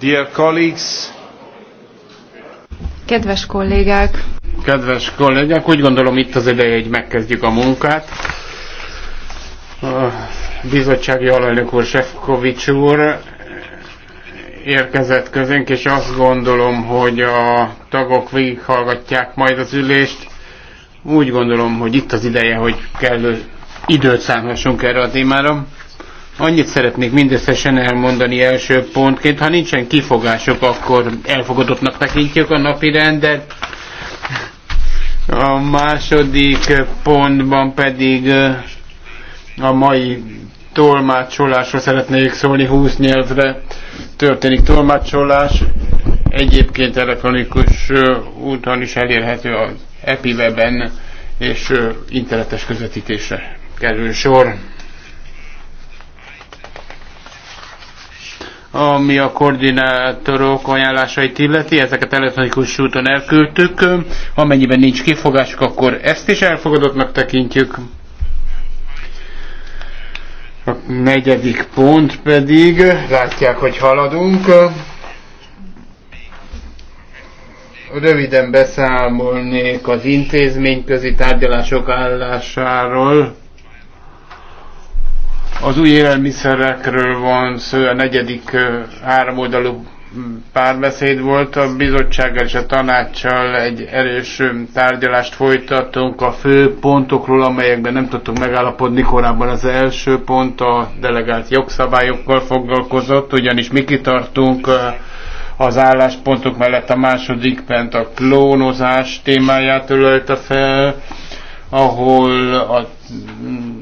Dear colleagues. Kedves kollégák. Kedves kollégák, úgy gondolom itt az ideje, hogy megkezdjük a munkát. A bizottsági alelnök úr Sefkovics úr érkezett közénk, és azt gondolom, hogy a tagok végighallgatják majd az ülést. Úgy gondolom, hogy itt az ideje, hogy kellő időt számítsunk erre a témára. Annyit szeretnék mindösszesen elmondani első pontként, ha nincsen kifogások, akkor elfogadottnak tekintjük a napi rendet. A második pontban pedig a mai tolmácsolásról szeretnék szólni, 20 nyelvre történik tolmácsolás. Egyébként elektronikus úton is elérhető az EpiWeben és internetes közvetítésre kerül sor. ami a koordinátorok ajánlásait illeti, ezeket elektronikus úton elküldtük. Amennyiben nincs kifogásuk, akkor ezt is elfogadottnak tekintjük. A negyedik pont pedig, látják, hogy haladunk. Röviden beszámolnék az intézményközi tárgyalások állásáról az új élelmiszerekről van szó, a negyedik háromoldalú mm, párbeszéd volt a bizottsággal és a tanácssal egy erős tárgyalást folytattunk a fő pontokról, amelyekben nem tudtuk megállapodni korábban. Az első pont a delegált jogszabályokkal foglalkozott, ugyanis mi kitartunk az álláspontok mellett a második pent a klónozás témáját ölelte fel, ahol a mm,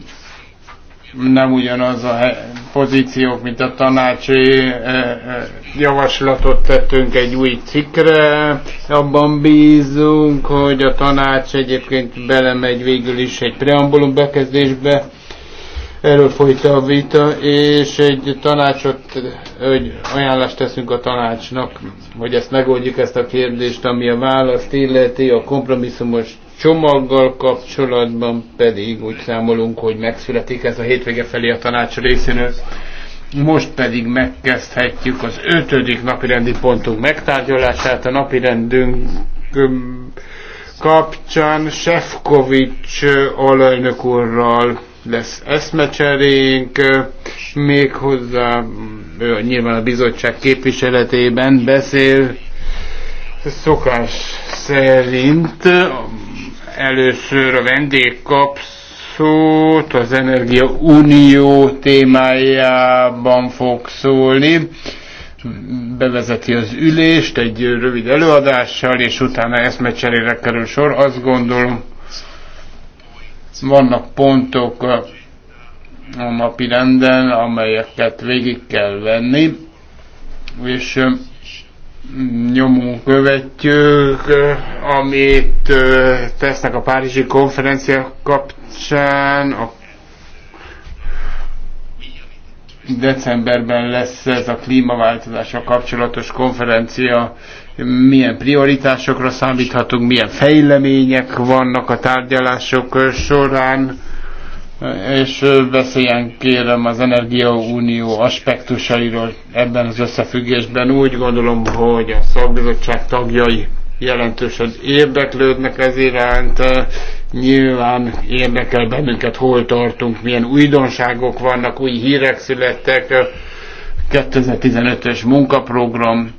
nem ugyanaz a pozíciók, mint a tanácsi eh, eh, javaslatot tettünk egy új cikkre. Abban bízunk, hogy a tanács egyébként belemegy végül is egy preambulum bekezdésbe. Erről folyta a vita, és egy tanácsot, hogy ajánlást teszünk a tanácsnak, hogy ezt megoldjuk ezt a kérdést, ami a választ illeti, a kompromisszumos csomaggal kapcsolatban pedig úgy számolunk, hogy megszületik ez a hétvége felé a tanács részéről. Most pedig megkezdhetjük az ötödik napirendi pontunk megtárgyalását. A napirendünk kapcsán Sefkovics alajnök úrral lesz eszmecserénk, méghozzá ő nyilván a bizottság képviseletében beszél szokás szerint Először a vendég kap szót, az Energia Unió témájában fog szólni. Bevezeti az ülést egy rövid előadással, és utána eszmecserére kerül sor. Azt gondolom, vannak pontok a napi renden, amelyeket végig kell venni, és nyomon követjük, eh, amit eh, tesznek a Párizsi konferencia kapcsán. A decemberben lesz ez a klímaváltozással kapcsolatos konferencia. Milyen prioritásokra számíthatunk, milyen fejlemények vannak a tárgyalások során és beszéljen kérem az Energiaunió aspektusairól ebben az összefüggésben. Úgy gondolom, hogy a szakbizottság tagjai jelentősen érdeklődnek ez iránt. Nyilván érdekel bennünket, hol tartunk, milyen újdonságok vannak, új hírek születtek, 2015-ös munkaprogram,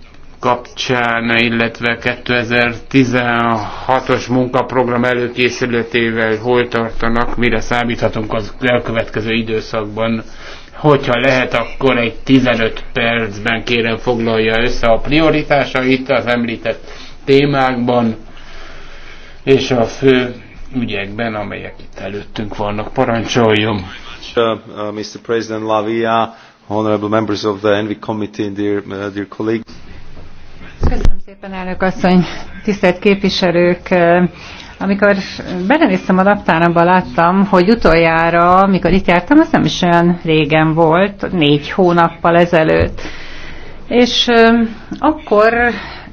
kapcsán, illetve 2016-os munkaprogram előkészületével hol tartanak, mire számíthatunk az elkövetkező időszakban. Hogyha lehet, akkor egy 15 percben kérem foglalja össze a prioritásait az említett témákban és a fő ügyekben, amelyek itt előttünk vannak. Parancsoljon! Mr. Uh, President Lavia, honorable members of the Envy Committee, dear, uh, dear colleagues. Köszönöm szépen, elnök asszony, tisztelt képviselők! Eh, amikor belenéztem a naptáramba, láttam, hogy utoljára, amikor itt jártam, az nem is olyan régen volt, négy hónappal ezelőtt. És eh, akkor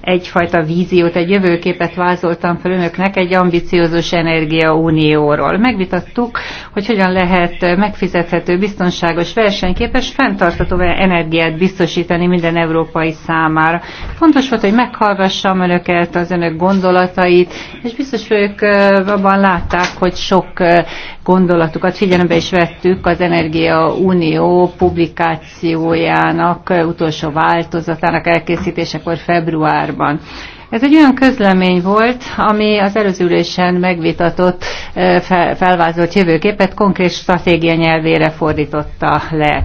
egyfajta víziót, egy jövőképet vázoltam fel önöknek egy ambiciózus energiaunióról. Megvitattuk, hogy hogyan lehet megfizethető, biztonságos, versenyképes, fenntartató energiát biztosítani minden európai számára. Fontos volt, hogy meghallgassam önöket, az önök gondolatait, és biztos ők abban látták, hogy sok gondolatukat figyelembe is vettük az Energia Unió publikációjának utolsó változatának elkészítésekor február februárban. Ez egy olyan közlemény volt, ami az előző ülésen megvitatott, felvázolt jövőképet konkrét stratégia nyelvére fordította le.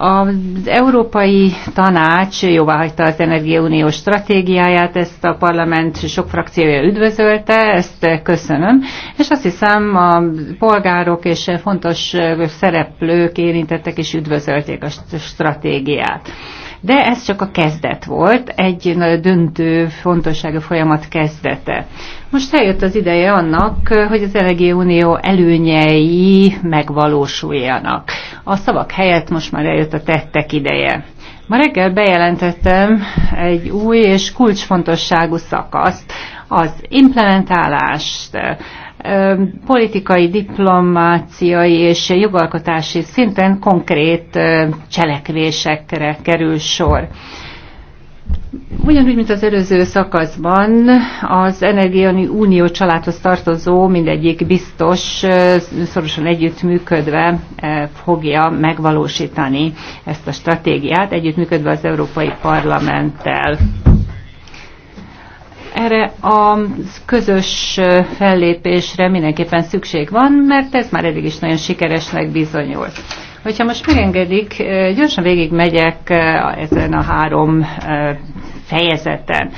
Az Európai Tanács jóváhagyta az Energiaunió stratégiáját, ezt a parlament sok frakciója üdvözölte, ezt köszönöm, és azt hiszem a polgárok és fontos szereplők érintettek és üdvözölték a stratégiát. De ez csak a kezdet volt, egy döntő, fontosságú folyamat kezdete. Most eljött az ideje annak, hogy az Unió előnyei megvalósuljanak. A szavak helyett most már eljött a tettek ideje. Ma reggel bejelentettem egy új és kulcsfontosságú szakaszt, az implementálást, politikai, diplomáciai és jogalkotási szinten konkrét cselekvésekre kerül sor. Ugyanúgy, mint az előző szakaszban, az Energiai Unió családhoz tartozó mindegyik biztos, szorosan együttműködve fogja megvalósítani ezt a stratégiát, együttműködve az Európai Parlamenttel. Erre a közös fellépésre mindenképpen szükség van, mert ez már eddig is nagyon sikeresnek bizonyult. Hogyha most megengedik, gyorsan végigmegyek ezen a három fejezeten.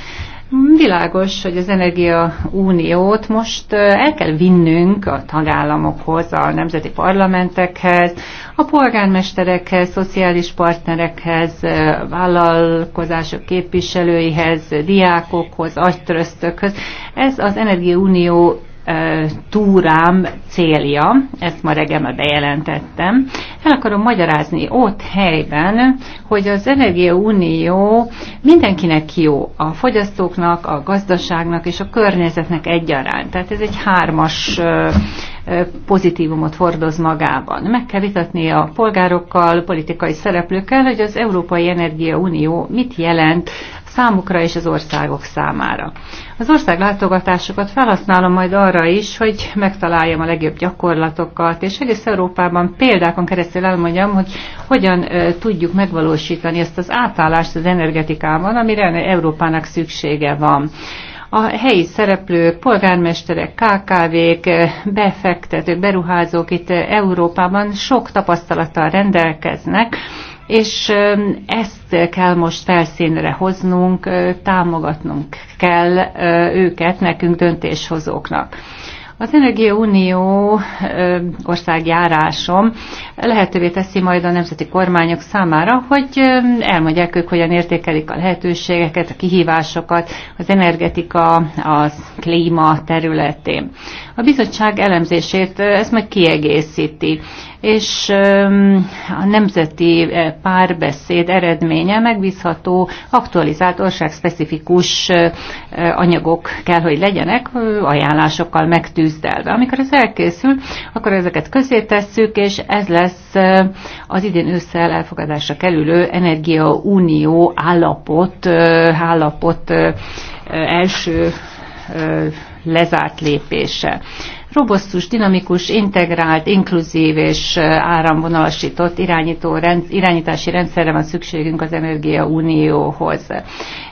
Világos, hogy az Energia Uniót most el kell vinnünk a tagállamokhoz, a nemzeti parlamentekhez, a polgármesterekhez, szociális partnerekhez, vállalkozások képviselőihez, diákokhoz, agytröztökhöz. Ez az Energia Unió túrám célja, ezt ma reggel már bejelentettem, el akarom magyarázni ott helyben, hogy az Energia Unió mindenkinek jó, a fogyasztóknak, a gazdaságnak és a környezetnek egyaránt. Tehát ez egy hármas pozitívumot hordoz magában. Meg kell vitatni a polgárokkal, politikai szereplőkkel, hogy az Európai Energia Unió mit jelent számukra és az országok számára. Az ország látogatásokat felhasználom majd arra is, hogy megtaláljam a legjobb gyakorlatokat, és egész Európában példákon keresztül elmondjam, hogy hogyan tudjuk megvalósítani ezt az átállást az energetikában, amire Európának szüksége van a helyi szereplők, polgármesterek, KKV-k, befektetők, beruházók itt Európában sok tapasztalattal rendelkeznek, és ezt kell most felszínre hoznunk, támogatnunk kell őket, nekünk döntéshozóknak. Az Energia Unió országjárásom lehetővé teszi majd a nemzeti kormányok számára, hogy elmondják ők, hogyan értékelik a lehetőségeket, a kihívásokat az energetika, az klíma területén. A bizottság elemzését ezt majd kiegészíti, és a nemzeti párbeszéd eredménye megbízható, aktualizált országspecifikus anyagok kell, hogy legyenek, ajánlásokkal megtűzdelve. Amikor ez elkészül, akkor ezeket közé tesszük, és ez lesz az idén ősszel elfogadásra kerülő Energia Unió állapot, állapot első lezárt lépése. Robosztus, dinamikus, integrált, inkluzív és áramvonalasított irányító, rend, irányítási rendszerre van szükségünk az Energia Unióhoz.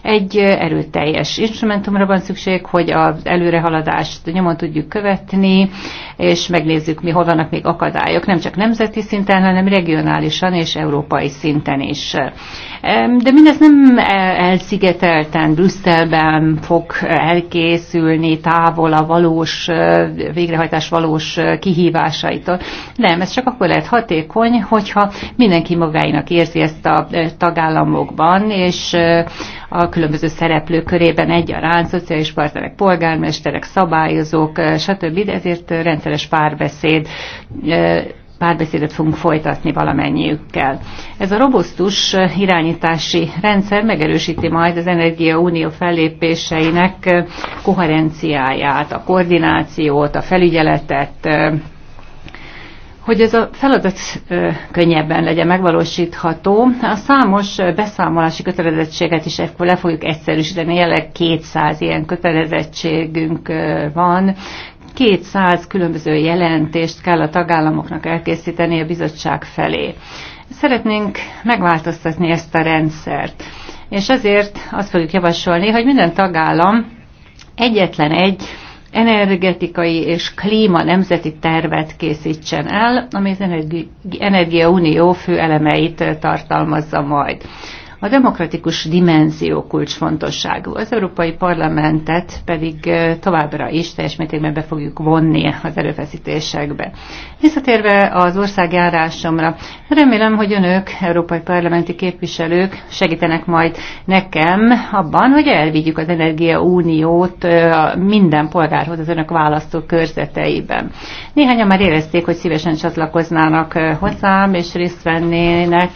Egy erőteljes instrumentumra van szükség, hogy az előrehaladást nyomon tudjuk követni, és megnézzük, mi hol vannak még akadályok, nem csak nemzeti szinten, hanem regionálisan és európai szinten is. De mindez nem elszigetelten Brüsszelben fog elkészülni távol a valós végrehajtás valós kihívásaitól. Nem, ez csak akkor lehet hatékony, hogyha mindenki magáinak érzi ezt a tagállamokban, és a különböző szereplők körében egyaránt, szociális partnerek, polgármesterek, szabályozók, stb. De ezért rendszeres párbeszéd párbeszédet fogunk folytatni valamennyiükkel. Ez a robusztus irányítási rendszer megerősíti majd az Energia Unió fellépéseinek koherenciáját, a koordinációt, a felügyeletet, hogy ez a feladat könnyebben legyen megvalósítható, a számos beszámolási kötelezettséget is ekkor le fogjuk egyszerűsíteni. Jelenleg 200 ilyen kötelezettségünk van, 200 különböző jelentést kell a tagállamoknak elkészíteni a bizottság felé. Szeretnénk megváltoztatni ezt a rendszert, és ezért azt fogjuk javasolni, hogy minden tagállam egyetlen egy energetikai és klíma nemzeti tervet készítsen el, ami az Energiaunió fő elemeit tartalmazza majd. A demokratikus dimenzió kulcsfontosságú. Az Európai Parlamentet pedig továbbra is teljes mértékben be fogjuk vonni az erőfeszítésekbe. Visszatérve az országjárásomra, remélem, hogy önök, európai parlamenti képviselők segítenek majd nekem abban, hogy elvigyük az Energia Uniót minden polgárhoz az önök választó körzeteiben. Néhányan már érezték, hogy szívesen csatlakoznának hozzám, és részt vennének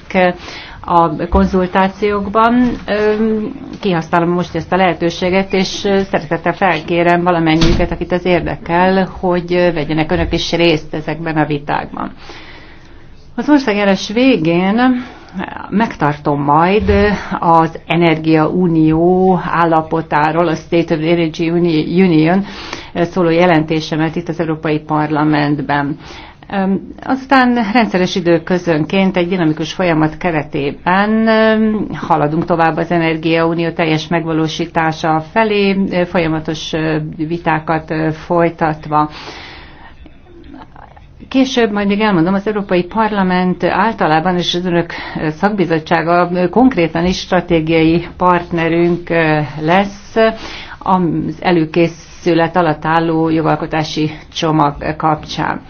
a konzultációkban. Kihasználom most ezt a lehetőséget, és szeretettel felkérem valamennyiüket, akit az érdekel, hogy vegyenek önök is részt ezekben a vitákban. Az országjárás végén megtartom majd az Energia Unió állapotáról, a State of Energy Union szóló jelentésemet itt az Európai Parlamentben. Aztán rendszeres időközönként egy dinamikus folyamat keretében haladunk tovább az Energiaunió teljes megvalósítása felé, folyamatos vitákat folytatva. Később majd még elmondom, az Európai Parlament általában és az önök szakbizottsága konkrétan is stratégiai partnerünk lesz az előkészület alatt álló jogalkotási csomag kapcsán.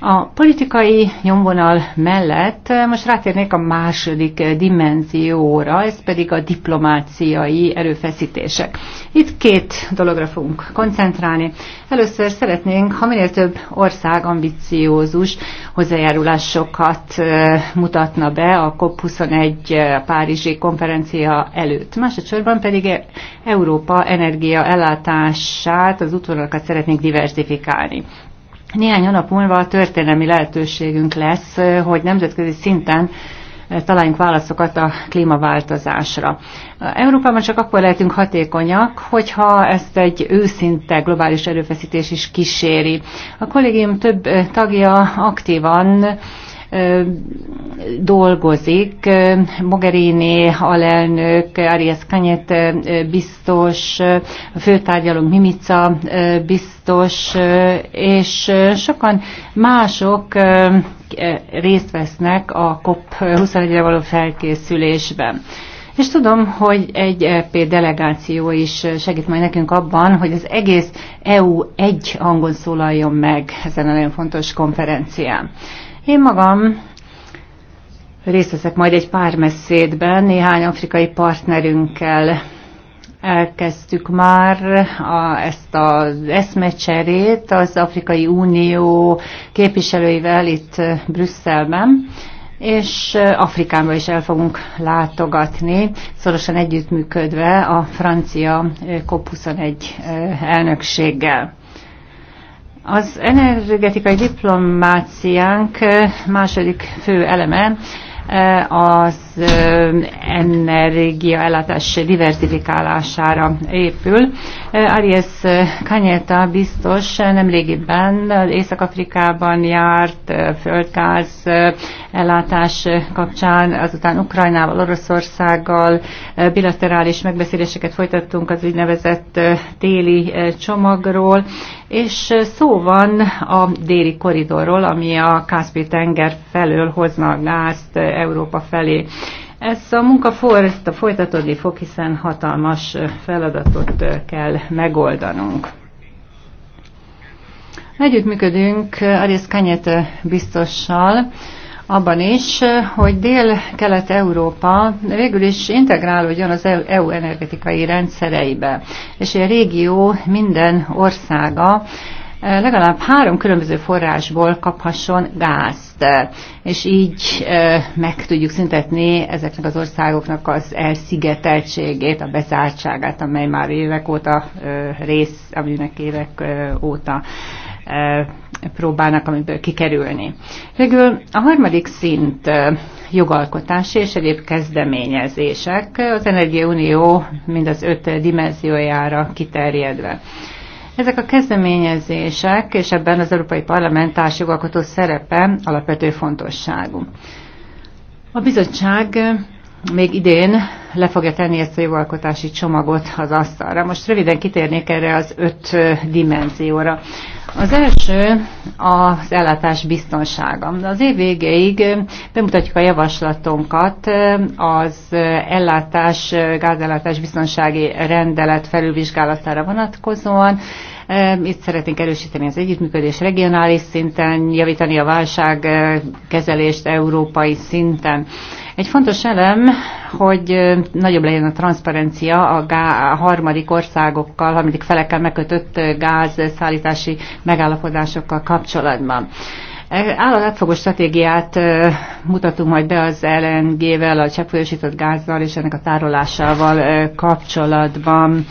A politikai nyomvonal mellett eh, most rátérnék a második eh, dimenzióra, ez pedig a diplomáciai erőfeszítések. Itt két dologra fogunk koncentrálni. Először szeretnénk, ha minél több ország ambiciózus hozzájárulásokat eh, mutatna be a COP21 Párizsi konferencia előtt. Másodszorban pedig e- Európa energia az útvonalakat szeretnénk diversifikálni. Néhány hónap múlva a történelmi lehetőségünk lesz, hogy nemzetközi szinten találjunk válaszokat a klímaváltozásra. Európában csak akkor lehetünk hatékonyak, hogyha ezt egy őszinte globális erőfeszítés is kíséri. A kollégium több tagja aktívan dolgozik. Mogherini alelnök, Arias Kanyet biztos, a főtárgyalónk Mimica biztos, és sokan mások részt vesznek a COP21-re való felkészülésben. És tudom, hogy egy EP delegáció is segít majd nekünk abban, hogy az egész EU egy hangon szólaljon meg ezen a nagyon fontos konferencián. Én magam részt veszek majd egy pár messzédben néhány afrikai partnerünkkel. Elkezdtük már a, ezt az eszmecserét az Afrikai Unió képviselőivel itt Brüsszelben, és Afrikánba is el fogunk látogatni, szorosan együttműködve a francia COP21 eh, elnökséggel. Az energetikai diplomáciánk második fő eleme az energiaellátás diversifikálására épül. Arias Kanyeta biztos nemrégiben Észak-Afrikában járt földgáz ellátás kapcsán, azután Ukrajnával, Oroszországgal bilaterális megbeszéléseket folytattunk az úgynevezett téli csomagról, és szó van a déli koridorról, ami a kászpé tenger felől hozna a gázt Európa felé. Ez a munka folytatódni fog, hiszen hatalmas feladatot kell megoldanunk. Együttműködünk Arias Kanyet biztossal, abban is, hogy Dél-Kelet-Európa végül is integrálódjon az EU e energetikai rendszereibe, és a régió minden országa eh, legalább három különböző forrásból kaphasson gázt, és így eh, meg tudjuk szüntetni ezeknek az országoknak az elszigeteltségét, a bezártságát, amely már évek óta eh, rész, aminek évek óta próbálnak amiből kikerülni. Végül a harmadik szint jogalkotási és egyéb kezdeményezések az Energiaunió mind az öt dimenziójára kiterjedve. Ezek a kezdeményezések, és ebben az Európai Parlament társjogalkotó szerepe alapvető fontosságú. A bizottság még idén le fogja tenni ezt a jogalkotási csomagot az asztalra. Most röviden kitérnék erre az öt dimenzióra. Az első az ellátás biztonsága. Az év végéig bemutatjuk a javaslatunkat az ellátás, gázellátás biztonsági rendelet felülvizsgálatára vonatkozóan. Itt szeretnénk erősíteni az együttműködés regionális szinten, javítani a válságkezelést európai szinten. Egy fontos elem, hogy nagyobb legyen a transzparencia a, gá- a harmadik országokkal, harmadik felekkel megkötött gázszállítási megállapodásokkal kapcsolatban. E, Állatfogó stratégiát mutatunk majd be az LNG-vel, a cseppfolyósított gázzal és ennek a tárolásával kapcsolatban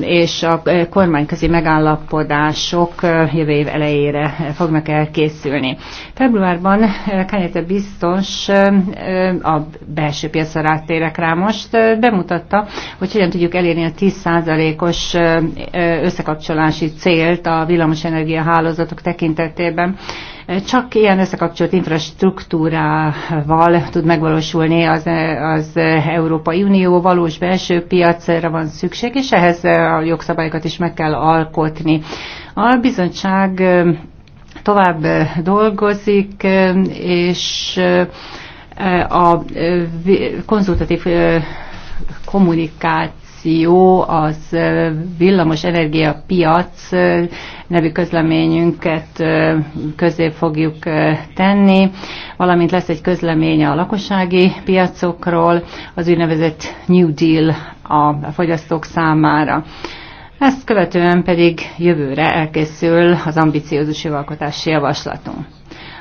és a kormányközi megállapodások jövő év elejére fognak elkészülni. Februárban Kanyete biztos a belső piacra rátérek rá most, bemutatta, hogy hogyan tudjuk elérni a 10%-os összekapcsolási célt a villamosenergia hálózatok tekintetében. Csak ilyen összekapcsolt infrastruktúrával tud megvalósulni az, az Európai Unió valós belső piacra van szükség, és ehhez a jogszabályokat is meg kell alkotni. A bizottság tovább dolgozik, és a konzultatív kommunikáció Innováció az villamos energia piac nevű közleményünket közé fogjuk tenni, valamint lesz egy közlemény a lakossági piacokról, az úgynevezett New Deal a fogyasztók számára. Ezt követően pedig jövőre elkészül az ambiciózus jogalkotási javaslatunk.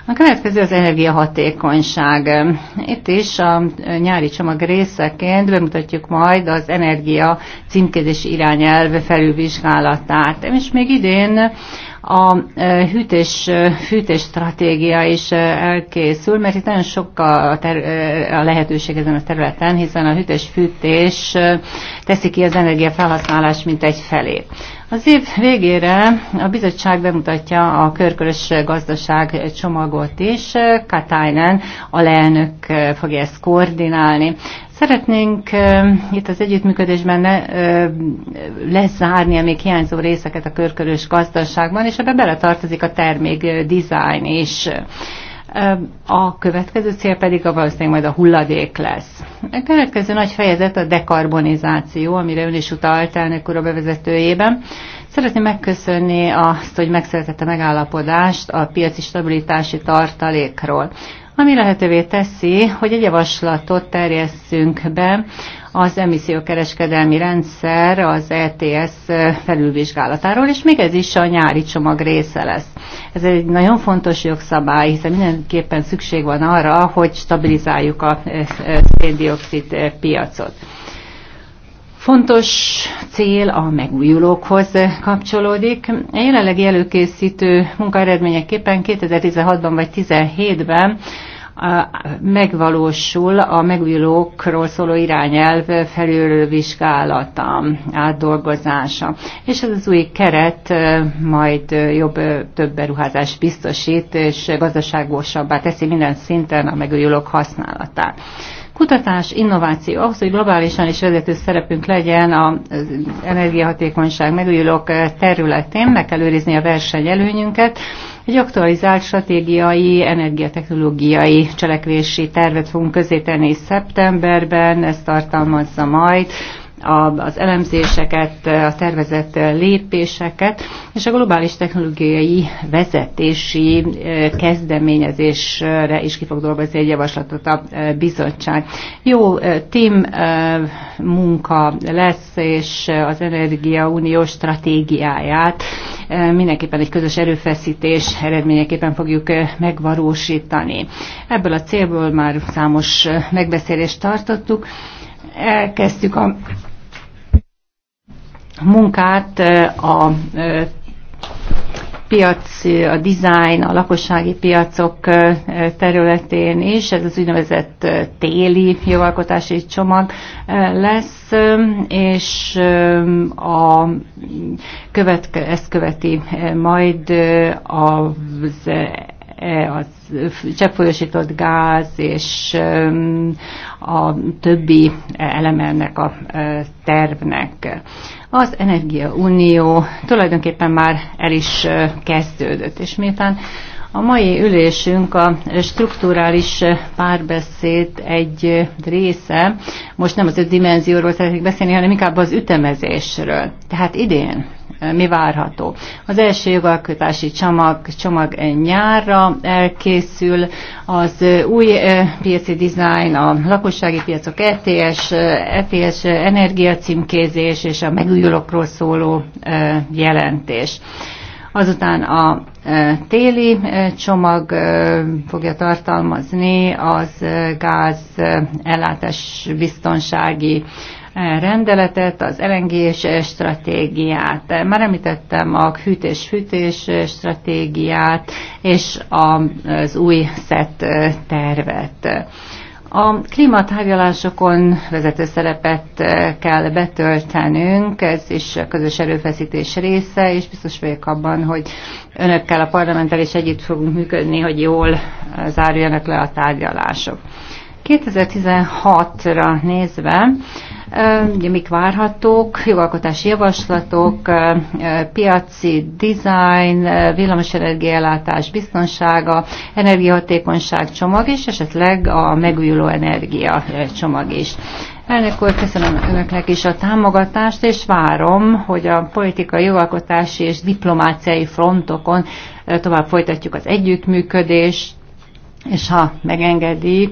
A következő az energiahatékonyság. Itt is a nyári csomag részeként bemutatjuk majd az energia címkézés irányelv felülvizsgálatát. És még idén a e, hűtés, e, fűtés stratégia is e, elkészül, mert itt nagyon sok a, ter, a lehetőség ezen a területen, hiszen a hűtés-fűtés teszi ki az energiafelhasználás mint egy felé. Az év végére a bizottság bemutatja a körkörös gazdaság csomagot is. Katainen, leelnök fogja ezt koordinálni. Szeretnénk itt az együttműködésben ne uh, lezárni a még hiányzó részeket a körkörös gazdaságban, és ebbe beletartozik a termék design is. A következő cél pedig a valószínűleg majd a hulladék lesz. A következő nagy fejezet a dekarbonizáció, amire ön is utalt elnök úr a bevezetőjében. Szeretném megköszönni azt, hogy megszületett a megállapodást a piaci stabilitási tartalékról ami lehetővé teszi, hogy egy javaslatot terjesszünk be az emissziókereskedelmi rendszer az ETS felülvizsgálatáról, és még ez is a nyári csomag része lesz. Ez egy nagyon fontos jogszabály, hiszen mindenképpen szükség van arra, hogy stabilizáljuk a széndiokszid piacot. Fontos cél a megújulókhoz kapcsolódik. A jelenlegi előkészítő munkaeredményeképpen 2016-ban vagy 2017-ben megvalósul a megújulókról szóló irányelv vizsgálata, átdolgozása. És ez az új keret majd jobb több beruházás biztosít, és gazdaságosabbá teszi minden szinten a megújulók használatát. Kutatás, innováció, ahhoz, hogy globálisan is vezető szerepünk legyen az energiahatékonyság megújulók eh, területén, meg kell őrizni a versenyelőnyünket, egy aktualizált stratégiai, energiatechnológiai cselekvési tervet fogunk közétenni szeptemberben, ez tartalmazza majd az elemzéseket, a tervezett lépéseket, és a globális technológiai vezetési eh, kezdeményezésre is ki fog dolgozni egy javaslatot a eh, bizottság. Jó eh, team munka lesz, és az Energia Unió stratégiáját mindenképpen egy közös erőfeszítés eredményeképpen fogjuk megvalósítani. Ebből a célból már számos megbeszélést tartottuk. Elkezdtük a munkát a piac, a design, a lakossági piacok területén is, ez az úgynevezett téli jogalkotási csomag lesz, és a követke, ezt követi majd az E, a cseppfolyósított gáz és a többi elemennek a e, tervnek. Az Energia Unió tulajdonképpen már el is e, kezdődött, és miután a mai ülésünk a strukturális párbeszéd egy része. Most nem az öt dimenzióról szeretnék beszélni, hanem inkább az ütemezésről. Tehát idén mi várható. Az első jogalkotási csomag, csomag nyárra elkészül, az új eh, piaci design, a lakossági piacok ETS, ETS eh, e eh, energiacímkézés és a megújulókról szóló jelentés. Azután a téli csomag fogja tartalmazni az gáz ellátás biztonsági rendeletet, az lng stratégiát. Már említettem a hűtés-hűtés stratégiát és az új szett tervet. A klímatárgyalásokon vezető szerepet kell betöltenünk, ez is a közös erőfeszítés része, és biztos vagyok abban, hogy önökkel a parlamenttel is együtt fogunk működni, hogy jól zárjanak le a tárgyalások. 2016-ra nézve Ugye mik várhatók, jogalkotási javaslatok, piaci design, villamosenergiaellátás biztonsága, energiahatékonyság csomag és esetleg a megújuló energia csomag is. Elnök úr, köszönöm önöknek is a támogatást, és várom, hogy a politikai, jogalkotási és diplomáciai frontokon tovább folytatjuk az együttműködést, és ha megengedi,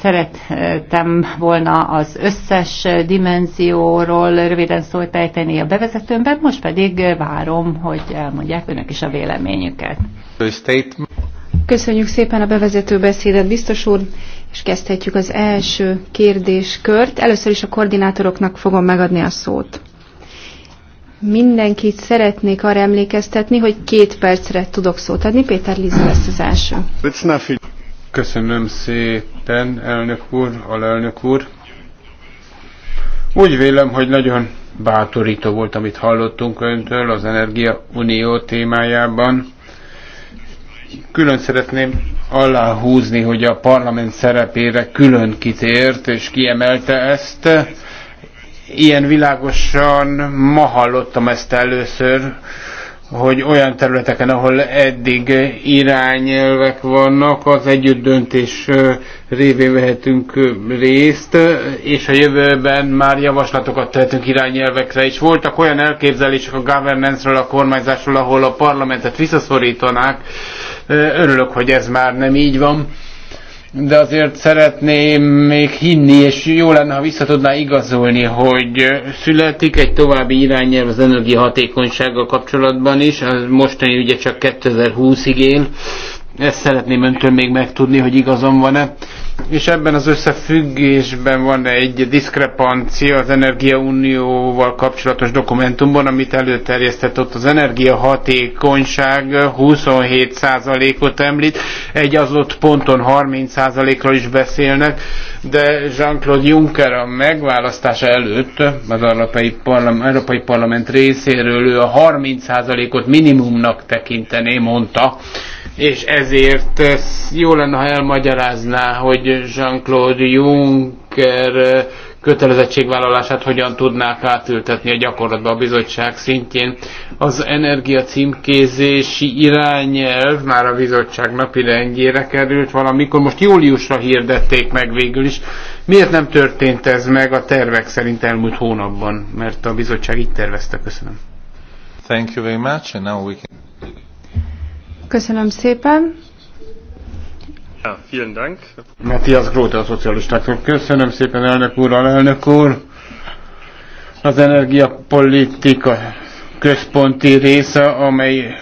szerettem volna az összes dimenzióról röviden szólt ejteni a bevezetőmben, most pedig várom, hogy elmondják önök is a véleményüket. Köszönjük szépen a bevezető beszédet, biztos úr, és kezdhetjük az első kérdéskört. Először is a koordinátoroknak fogom megadni a szót. Mindenkit szeretnék arra emlékeztetni, hogy két percre tudok szót adni. Péter Liza lesz az első. Köszönöm szépen. Isten, elnök úr, alelnök úr. Úgy vélem, hogy nagyon bátorító volt, amit hallottunk öntől az Energia Unió témájában. Külön szeretném aláhúzni, hogy a parlament szerepére külön kitért, és kiemelte ezt. Ilyen világosan ma hallottam ezt először, hogy olyan területeken, ahol eddig irányelvek vannak, az együtt döntés révén vehetünk részt, és a jövőben már javaslatokat tehetünk irányelvekre is. Voltak olyan elképzelések a governance-ről, a kormányzásról, ahol a parlamentet visszaszorítanák. Örülök, hogy ez már nem így van de azért szeretném még hinni, és jó lenne, ha vissza tudná igazolni, hogy születik egy további irányelv az energiahatékonysággal kapcsolatban is, az mostani ugye csak 2020-ig él, ezt szeretném öntől még megtudni, hogy igazam van-e. És ebben az összefüggésben van egy diszkrepancia az Energiaunióval kapcsolatos dokumentumban, amit előterjesztett ott az energiahatékonyság 27%-ot említ, egy az ott ponton 30%-ról is beszélnek, de Jean-Claude Juncker a megválasztása előtt az Európai Parlament, Európai Parlament részéről ő a 30%-ot minimumnak tekintené, mondta és ezért jó lenne, ha elmagyarázná, hogy Jean-Claude Juncker kötelezettségvállalását hogyan tudnák átültetni a gyakorlatba a bizottság szintjén. Az energiacímkézési irányelv már a bizottság napi rendjére került valamikor, most júliusra hirdették meg végül is. Miért nem történt ez meg a tervek szerint elmúlt hónapban? Mert a bizottság így tervezte. Köszönöm. Thank you very much, and now we can... Köszönöm szépen. Ja, vielen Dank. Matthias Gróta a Köszönöm szépen, elnök úr, elnök úr. Az energiapolitika központi része, amely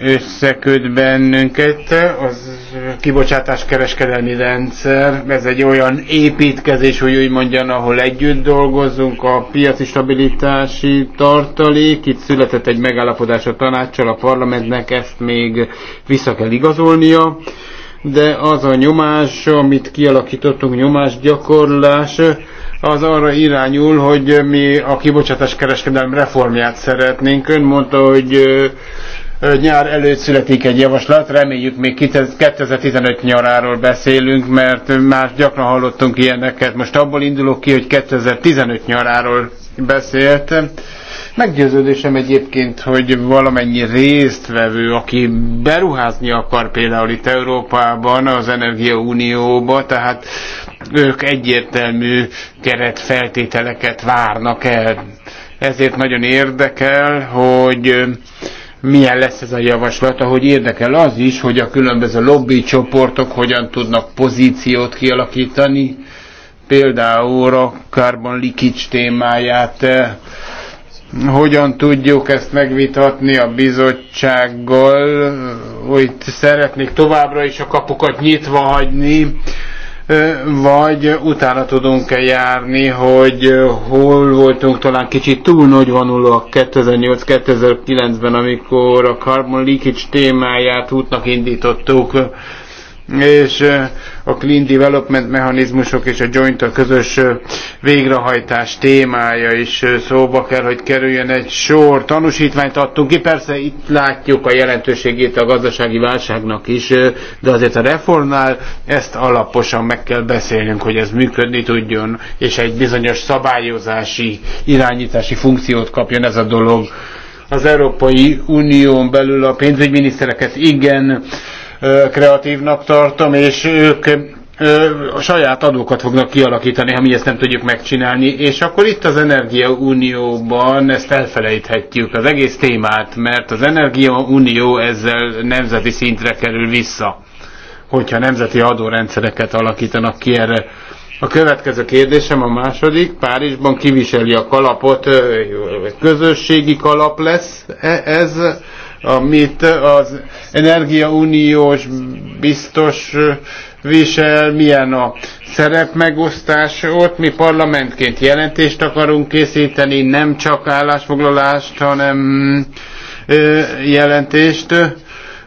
összeköt bennünket az kibocsátás kereskedelmi rendszer. Ez egy olyan építkezés, hogy úgy mondjam, ahol együtt dolgozunk a piaci stabilitási tartalék. Itt született egy megállapodás a tanácssal, a parlamentnek ezt még vissza kell igazolnia de az a nyomás, amit kialakítottunk, nyomásgyakorlás, az arra irányul, hogy mi a kibocsátás kereskedelmi reformját szeretnénk. Ön mondta, hogy nyár előtt születik egy javaslat, reméljük még 2015 nyaráról beszélünk, mert már gyakran hallottunk ilyeneket. Most abból indulok ki, hogy 2015 nyaráról beszélt. Meggyőződésem egyébként, hogy valamennyi résztvevő, aki beruházni akar például itt Európában, az Energiaunióba, tehát ők egyértelmű keretfeltételeket várnak el. Ezért nagyon érdekel, hogy milyen lesz ez a javaslat, ahogy érdekel az is, hogy a különböző lobby csoportok hogyan tudnak pozíciót kialakítani, például a Carbon Leakage témáját, eh, hogyan tudjuk ezt megvitatni a bizottsággal, eh, hogy szeretnék továbbra is a kapukat nyitva hagyni, vagy utána tudunk-e járni, hogy hol voltunk talán kicsit túl nagyvonulóak 2008-2009-ben, amikor a carbon leakage témáját útnak indítottuk, és a Clean Development mechanizmusok és a joint a közös végrehajtás témája is szóba kell, hogy kerüljön egy sor. Tanúsítványt adtunk ki, persze itt látjuk a jelentőségét a gazdasági válságnak is, de azért a reformnál ezt alaposan meg kell beszélnünk, hogy ez működni tudjon, és egy bizonyos szabályozási, irányítási funkciót kapjon ez a dolog az Európai Unión belül a pénzügyminisztereket igen kreatívnak tartom, és ők a saját adókat fognak kialakítani, ha mi ezt nem tudjuk megcsinálni, és akkor itt az Energia Unióban ezt elfelejthetjük, az egész témát, mert az Energia Unió ezzel nemzeti szintre kerül vissza, hogyha nemzeti adórendszereket alakítanak ki erre. A következő kérdésem a második. Párizsban kiviseli a kalapot, közösségi kalap lesz ez amit az energiauniós biztos visel, milyen a szerepmegosztás ott. Mi parlamentként jelentést akarunk készíteni, nem csak állásfoglalást, hanem jelentést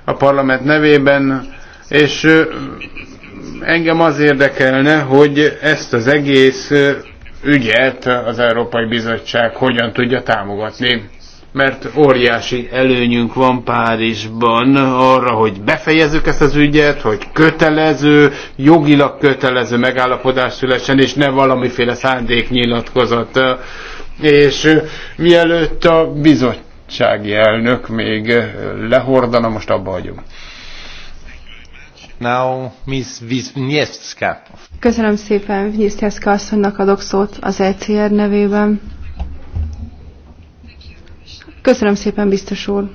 a parlament nevében, és engem az érdekelne, hogy ezt az egész ügyet az Európai Bizottság hogyan tudja támogatni mert óriási előnyünk van Párizsban arra, hogy befejezzük ezt az ügyet, hogy kötelező, jogilag kötelező megállapodás szülessen, és ne valamiféle szándéknyilatkozat. És mielőtt a bizottsági elnök még lehordana, most abba hagyom. Now, Miss Wisniewska. Köszönöm szépen, Wisniewska asszonynak adok szót az ECR nevében. Köszönöm szépen, biztos úr!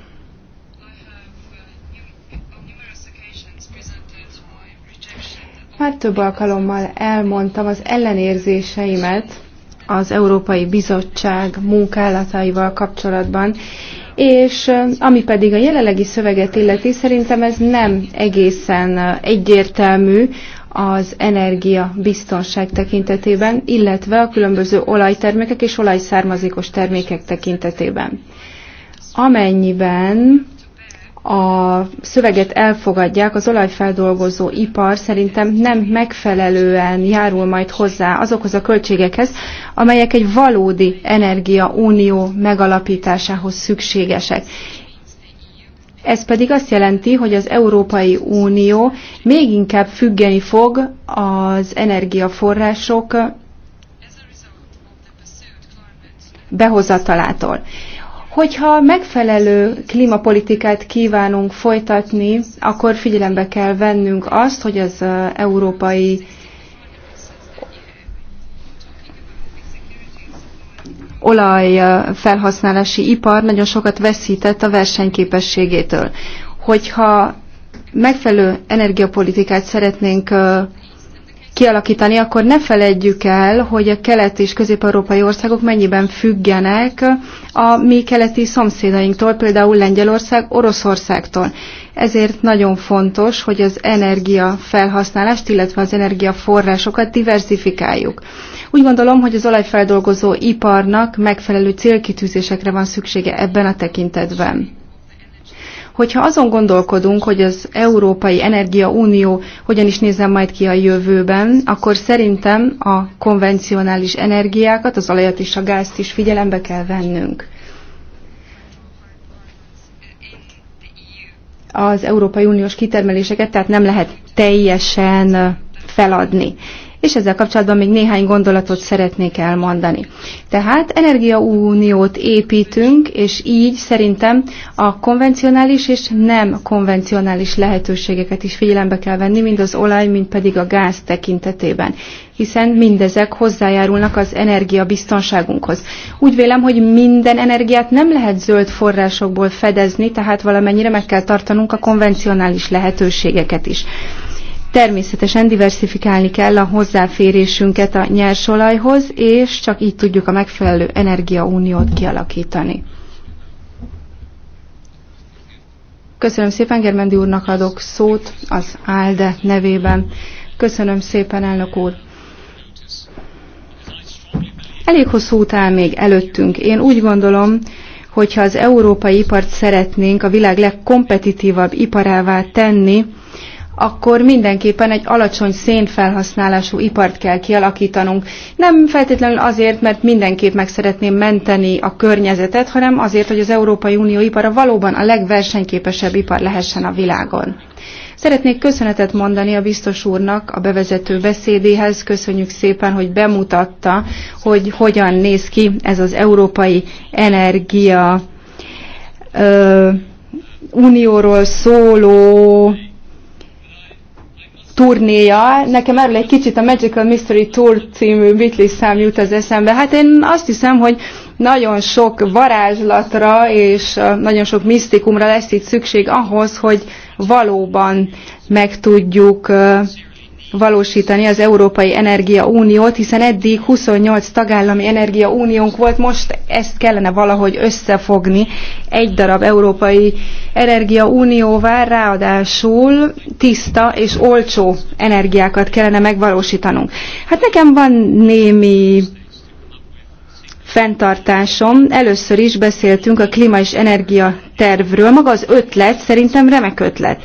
Már több alkalommal elmondtam az ellenérzéseimet az Európai Bizottság munkálataival kapcsolatban, és ami pedig a jelenlegi szöveget illeti, szerintem ez nem egészen egyértelmű az energia biztonság tekintetében, illetve a különböző olajtermékek és olajszármazékos termékek tekintetében amennyiben a szöveget elfogadják, az olajfeldolgozó ipar szerintem nem megfelelően járul majd hozzá azokhoz a költségekhez, amelyek egy valódi energiaunió megalapításához szükségesek. Ez pedig azt jelenti, hogy az Európai Unió még inkább függeni fog az energiaforrások behozatalától. Hogyha megfelelő klímapolitikát kívánunk folytatni, akkor figyelembe kell vennünk azt, hogy az európai olajfelhasználási ipar nagyon sokat veszített a versenyképességétől. Hogyha megfelelő energiapolitikát szeretnénk kialakítani, akkor ne feledjük el, hogy a kelet- és közép-európai országok mennyiben függenek a mi keleti szomszédainktól, például Lengyelország, Oroszországtól. Ezért nagyon fontos, hogy az energia felhasználást, illetve az energiaforrásokat diversifikáljuk. Úgy gondolom, hogy az olajfeldolgozó iparnak megfelelő célkitűzésekre van szüksége ebben a tekintetben. Hogyha azon gondolkodunk, hogy az Európai Energia Unió hogyan is nézzen majd ki a jövőben, akkor szerintem a konvencionális energiákat, az olajat és a gázt is figyelembe kell vennünk. Az Európai Uniós kitermeléseket tehát nem lehet teljesen feladni és ezzel kapcsolatban még néhány gondolatot szeretnék elmondani. Tehát energiauniót építünk, és így szerintem a konvencionális és nem konvencionális lehetőségeket is figyelembe kell venni, mind az olaj, mind pedig a gáz tekintetében hiszen mindezek hozzájárulnak az energiabiztonságunkhoz. Úgy vélem, hogy minden energiát nem lehet zöld forrásokból fedezni, tehát valamennyire meg kell tartanunk a konvencionális lehetőségeket is. Természetesen diversifikálni kell a hozzáférésünket a nyersolajhoz, és csak így tudjuk a megfelelő energiauniót kialakítani. Köszönöm szépen, Germendi úrnak adok szót az ALDE nevében. Köszönöm szépen, elnök úr. Elég hosszú út áll még előttünk. Én úgy gondolom, hogyha az európai ipart szeretnénk a világ legkompetitívabb iparává tenni, akkor mindenképpen egy alacsony szénfelhasználású ipart kell kialakítanunk. Nem feltétlenül azért, mert mindenképp meg szeretném menteni a környezetet, hanem azért, hogy az Európai Unió ipara valóban a legversenyképesebb ipar lehessen a világon. Szeretnék köszönetet mondani a biztos úrnak a bevezető beszédéhez. Köszönjük szépen, hogy bemutatta, hogy hogyan néz ki ez az európai energia ö, unióról szóló turnéja. Nekem erről egy kicsit a Magical Mystery Tour című Beatles szám jut az eszembe. Hát én azt hiszem, hogy nagyon sok varázslatra és nagyon sok misztikumra lesz itt szükség ahhoz, hogy valóban meg tudjuk valósítani az Európai Energia Uniót, hiszen eddig 28 tagállami Energia Uniónk volt, most ezt kellene valahogy összefogni egy darab Európai Energia Unióvá, ráadásul tiszta és olcsó energiákat kellene megvalósítanunk. Hát nekem van némi fenntartásom. Először is beszéltünk a klíma és energia tervről. Maga az ötlet szerintem remek ötlet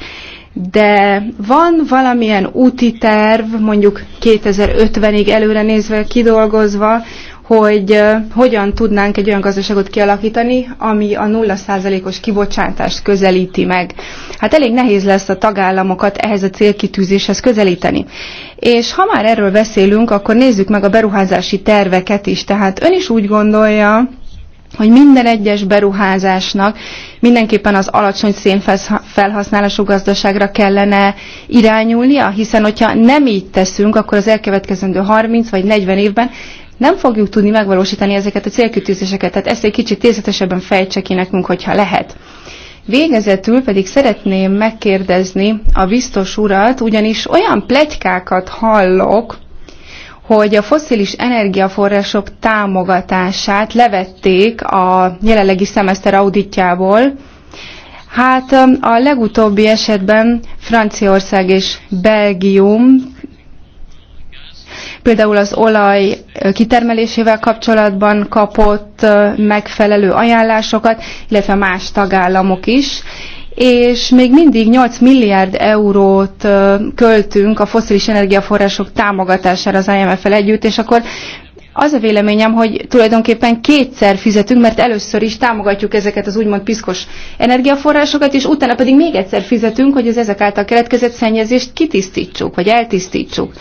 de van valamilyen úti terv, mondjuk 2050-ig előre nézve kidolgozva, hogy hogyan tudnánk egy olyan gazdaságot kialakítani, ami a 0%-os kibocsátást közelíti meg. Hát elég nehéz lesz a tagállamokat ehhez a célkitűzéshez közelíteni. És ha már erről beszélünk, akkor nézzük meg a beruházási terveket is. Tehát ön is úgy gondolja, hogy minden egyes beruházásnak mindenképpen az alacsony szénfelhasználású gazdaságra kellene irányulnia, hiszen hogyha nem így teszünk, akkor az elkövetkezendő 30 vagy 40 évben nem fogjuk tudni megvalósítani ezeket a célkütőzéseket, tehát ezt egy kicsit tészetesebben fejtse ki nekünk, hogyha lehet. Végezetül pedig szeretném megkérdezni a biztos urat, ugyanis olyan plegykákat hallok, hogy a foszilis energiaforrások támogatását levették a jelenlegi szemeszter auditjából. Hát um, a legutóbbi esetben Franciaország és Belgium például az olaj kitermelésével kapcsolatban kapott megfelelő ajánlásokat, illetve más tagállamok is, és még mindig 8 milliárd eurót költünk a foszilis energiaforrások támogatására az IMF-el együtt, és akkor az a véleményem, hogy tulajdonképpen kétszer fizetünk, mert először is támogatjuk ezeket az úgymond piszkos energiaforrásokat, és utána pedig még egyszer fizetünk, hogy az ezek által keletkezett szennyezést kitisztítsuk, vagy eltisztítsuk.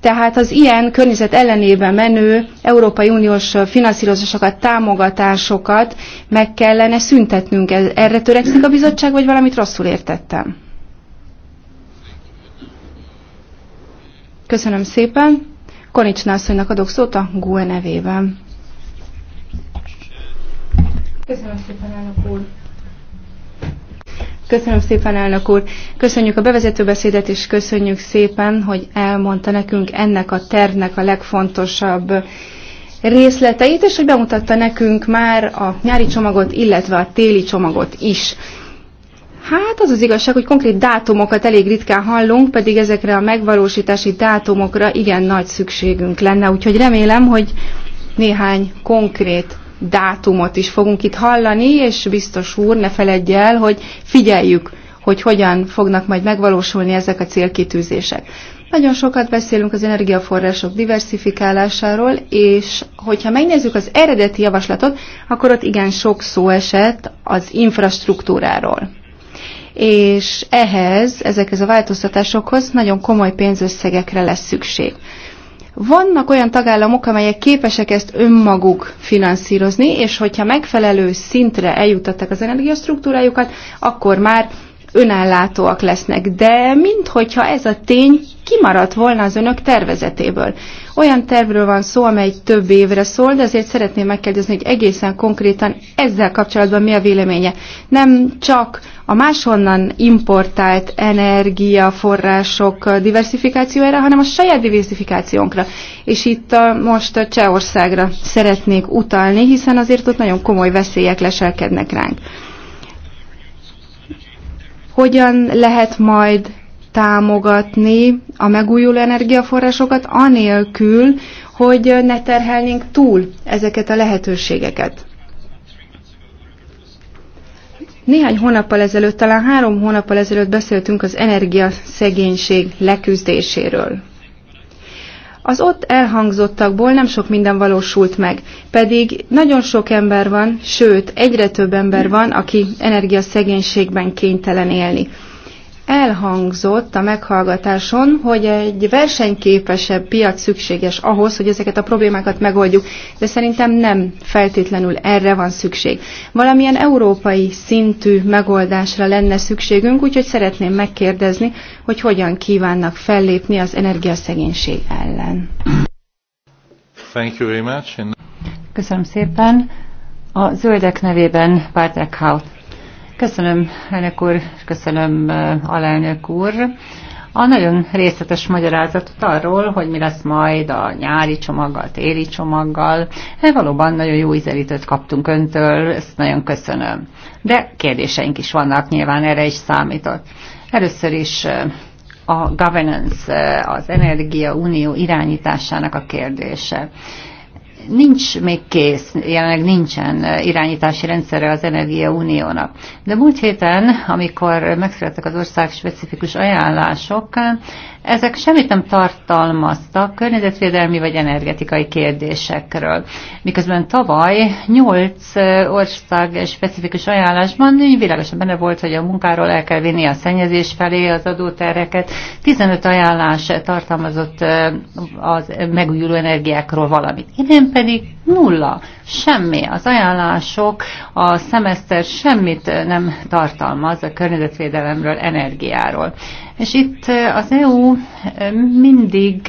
Tehát az ilyen környezet ellenébe menő Európai Uniós finanszírozásokat, támogatásokat meg kellene szüntetnünk. Erre törekszik a bizottság, vagy valamit rosszul értettem? Köszönöm szépen. Konics asszonynak adok szót a GUE nevében. Köszönöm szépen, elnök úr. Köszönöm szépen, elnök úr. Köszönjük a bevezető beszédet, és köszönjük szépen, hogy elmondta nekünk ennek a tervnek a legfontosabb részleteit, és hogy bemutatta nekünk már a nyári csomagot, illetve a téli csomagot is. Hát az az igazság, hogy konkrét dátumokat elég ritkán hallunk, pedig ezekre a megvalósítási dátumokra igen nagy szükségünk lenne, úgyhogy remélem, hogy néhány konkrét dátumot is fogunk itt hallani, és biztos úr, ne feledje el, hogy figyeljük, hogy hogyan fognak majd megvalósulni ezek a célkitűzések. Nagyon sokat beszélünk az energiaforrások diversifikálásáról, és hogyha megnézzük az eredeti javaslatot, akkor ott igen sok szó esett az infrastruktúráról. És ehhez, ezekhez a változtatásokhoz nagyon komoly pénzösszegekre lesz szükség. Vannak olyan tagállamok, amelyek képesek ezt önmaguk finanszírozni, és hogyha megfelelő szintre eljutottak az energiastruktúrájukat, akkor már önállátóak lesznek, de minthogyha ez a tény kimaradt volna az önök tervezetéből. Olyan tervről van szó, amely több évre szól, de azért szeretném megkérdezni, hogy egészen konkrétan ezzel kapcsolatban mi a véleménye. Nem csak a máshonnan importált energiaforrások diversifikációjára, hanem a saját diversifikációnkra. És itt a, most a Csehországra szeretnék utalni, hiszen azért ott nagyon komoly veszélyek leselkednek ránk hogyan lehet majd támogatni a megújuló energiaforrásokat, anélkül, hogy ne terhelnénk túl ezeket a lehetőségeket. Néhány hónappal ezelőtt, talán három hónappal ezelőtt beszéltünk az energiaszegénység leküzdéséről. Az ott elhangzottakból nem sok minden valósult meg, pedig nagyon sok ember van, sőt, egyre több ember van, aki energiaszegénységben kénytelen élni. Elhangzott a meghallgatáson, hogy egy versenyképesebb piac szükséges ahhoz, hogy ezeket a problémákat megoldjuk, de szerintem nem feltétlenül erre van szükség. Valamilyen európai szintű megoldásra lenne szükségünk, úgyhogy szeretném megkérdezni, hogy hogyan kívánnak fellépni az energiaszegénység ellen. Thank you very much. Köszönöm szépen. A zöldek nevében Bartek Hout Köszönöm, elnök úr, köszönöm, alelnök úr. A nagyon részletes magyarázatot arról, hogy mi lesz majd a nyári csomaggal, téli csomaggal. De valóban nagyon jó ízelítőt kaptunk öntől, ezt nagyon köszönöm. De kérdéseink is vannak, nyilván erre is számított. Először is a governance, az energia unió irányításának a kérdése nincs még kész, jelenleg nincsen eh, irányítási rendszere az Energia Uniónak. De múlt héten, amikor megszülettek az ország specifikus ajánlások, ezek semmit nem tartalmaztak környezetvédelmi vagy energetikai kérdésekről. Miközben tavaly nyolc ország specifikus ajánlásban világosan benne volt, hogy a munkáról el kell vinni a szennyezés felé az adóterreket. 15 ajánlás tartalmazott az megújuló energiákról valamit. Idén pedig nulla, semmi. Az ajánlások, a szemeszter semmit nem tartalmaz a környezetvédelemről, energiáról. És itt az EU mindig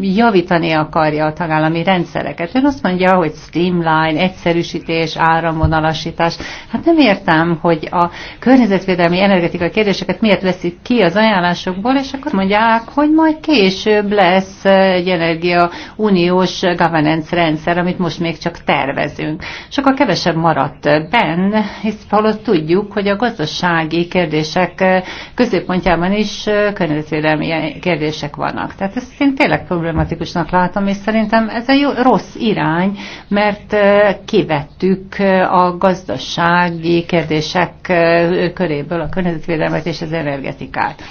javítani akarja a tagállami rendszereket. Ön azt mondja, hogy streamline, egyszerűsítés, áramvonalasítás. Hát nem értem, hogy a környezetvédelmi energetikai kérdéseket miért veszik ki az ajánlásokból, és akkor mondják, hogy majd később lesz egy energia uniós governance rendszer, amit most még csak tervezünk. Sokkal kevesebb maradt benn, hisz holott tudjuk, hogy a gazdasági kérdések középpontjában is is környezetvédelmi kérdések vannak. Tehát ezt én tényleg problematikusnak látom, és szerintem ez egy jó, rossz irány, mert kivettük a gazdasági kérdések köréből a környezetvédelmet és az energetikát.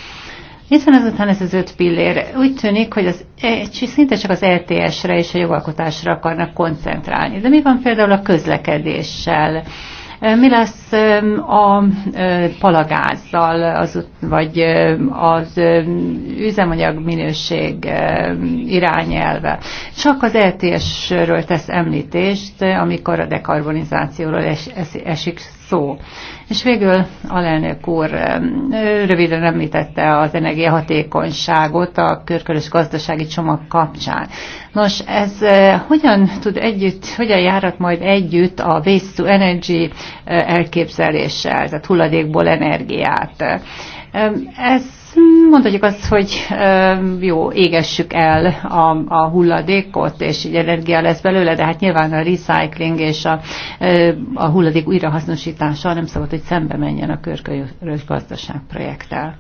Hiszen ezután ez az öt pillér úgy tűnik, hogy az, e, szinte csak az LTS-re e és a jogalkotásra akarnak koncentrálni. De mi van például a közlekedéssel? Mi lesz a palagázzal, az, vagy az üzemanyag minőség irányelve? Csak az ETS-ről tesz említést, amikor a dekarbonizációról es, es, esik szó. És végül alelnök úr röviden említette az energiahatékonyságot a körkörös gazdasági csomag kapcsán. Nos, ez eh, hogyan tud együtt, hogyan járat majd együtt a waste to energy eh, elképzeléssel, tehát hulladékból energiát? Ez mondhatjuk azt, hogy jó, égessük el a, a hulladékot, és így energia lesz belőle, de hát nyilván a recycling és a, a hulladék újrahasznosítása nem szabad, hogy szembe menjen a körkörös gazdaság projekttel.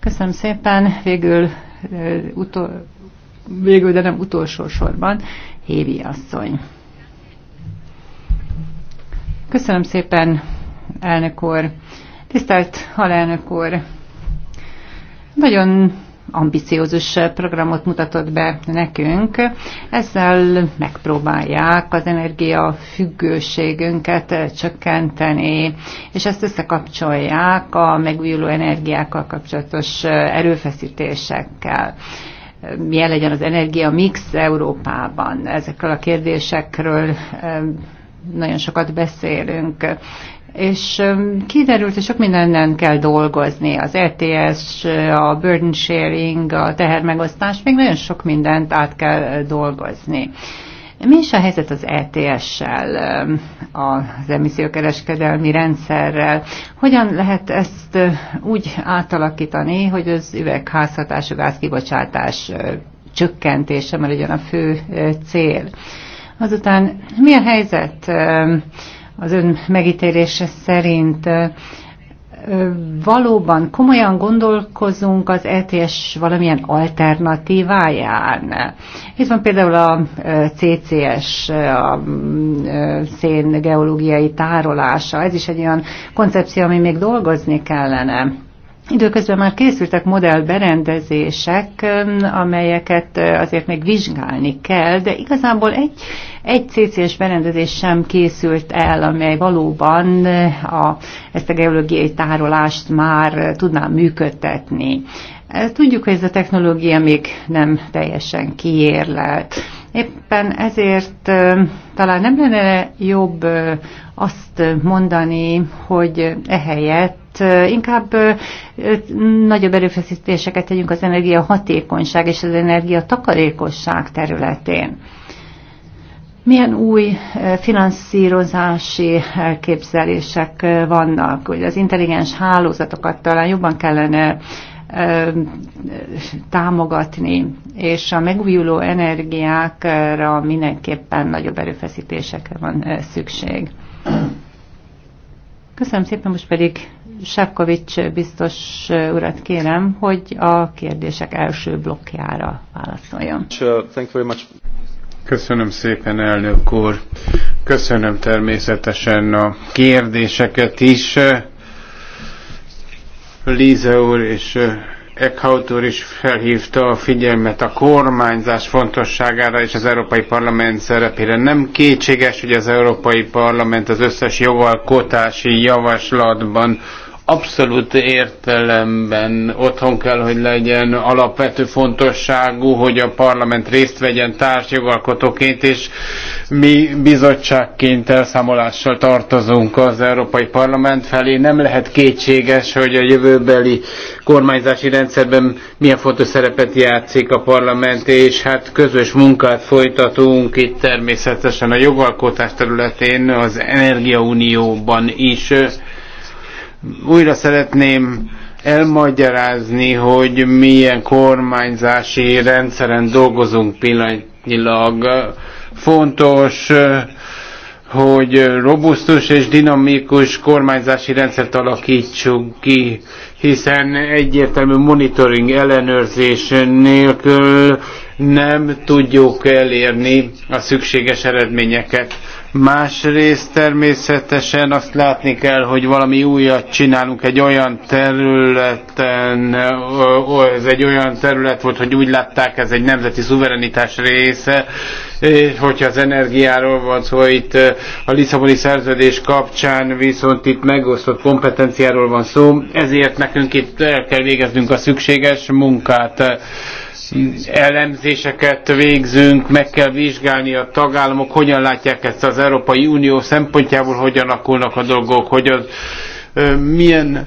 Köszönöm szépen, végül, utol, végül de nem utolsó sorban, Hévi asszony. Köszönöm szépen, elnök úr. Tisztelt halelnök úr, nagyon ambiciózus programot mutatott be nekünk. Ezzel megpróbálják az energiafüggőségünket csökkenteni, és ezt összekapcsolják a megújuló energiákkal kapcsolatos erőfeszítésekkel milyen legyen az energia mix Európában. Ezekről a kérdésekről eh, nagyon sokat beszélünk és kiderült, hogy sok mindennel kell dolgozni, az ETS, a burden sharing, a tehermegosztás, még nagyon sok mindent át kell dolgozni. Mi is a helyzet az ETS-sel, az emissziókereskedelmi rendszerrel? Hogyan lehet ezt úgy átalakítani, hogy az üvegházhatású gázkibocsátás csökkentése ugyan a fő cél? Azután mi a helyzet az ön megítélése szerint valóban komolyan gondolkozunk az ETS valamilyen alternatíváján. Itt van például a CCS, a szén geológiai tárolása. Ez is egy olyan koncepció, ami még dolgozni kellene. Időközben már készültek modellberendezések, amelyeket azért még vizsgálni kell, de igazából egy, egy CCS berendezés sem készült el, amely valóban a, ezt a geológiai tárolást már tudná működtetni. Tudjuk, hogy ez a technológia még nem teljesen kiérlelt. Éppen ezért talán nem lenne jobb azt mondani, hogy ehelyett inkább nagyobb erőfeszítéseket tegyünk az energia hatékonyság és az energia takarékosság területén. Milyen új finanszírozási elképzelések vannak, hogy az intelligens hálózatokat talán jobban kellene támogatni, és a megújuló energiákra mindenképpen nagyobb erőfeszítésekre van eh, szükség. Köszönöm szépen, most pedig Sepkovics biztos eh, urat kérem, hogy a kérdések első blokkjára válaszoljon. Köszönöm szépen, elnök úr. Köszönöm természetesen a kérdéseket is. Líze úr és Eckhout úr is felhívta a figyelmet a kormányzás fontosságára és az Európai Parlament szerepére. Nem kétséges, hogy az Európai Parlament az összes jogalkotási javaslatban abszolút értelemben otthon kell, hogy legyen alapvető fontosságú, hogy a parlament részt vegyen társjogalkotóként, és mi bizottságként elszámolással tartozunk az Európai Parlament felé. Nem lehet kétséges, hogy a jövőbeli kormányzási rendszerben milyen fontos szerepet játszik a parlament, és hát közös munkát folytatunk itt természetesen a jogalkotás területén, az Energiaunióban is újra szeretném elmagyarázni, hogy milyen kormányzási rendszeren dolgozunk pillanatnyilag. Fontos, hogy robusztus és dinamikus kormányzási rendszert alakítsunk ki, hiszen egyértelmű monitoring ellenőrzés nélkül nem tudjuk elérni a szükséges eredményeket. Másrészt természetesen azt látni kell, hogy valami újat csinálunk egy olyan területen, ez egy olyan terület volt, hogy úgy látták, ez egy nemzeti szuverenitás része, és hogyha az energiáról van szó, itt a Lisszaboni szerződés kapcsán viszont itt megosztott kompetenciáról van szó, ezért nekünk itt el kell végeznünk a szükséges munkát elemzéseket végzünk, meg kell vizsgálni a tagállamok, hogyan látják ezt az Európai Unió szempontjából, hogyan alakulnak a dolgok, hogy az, milyen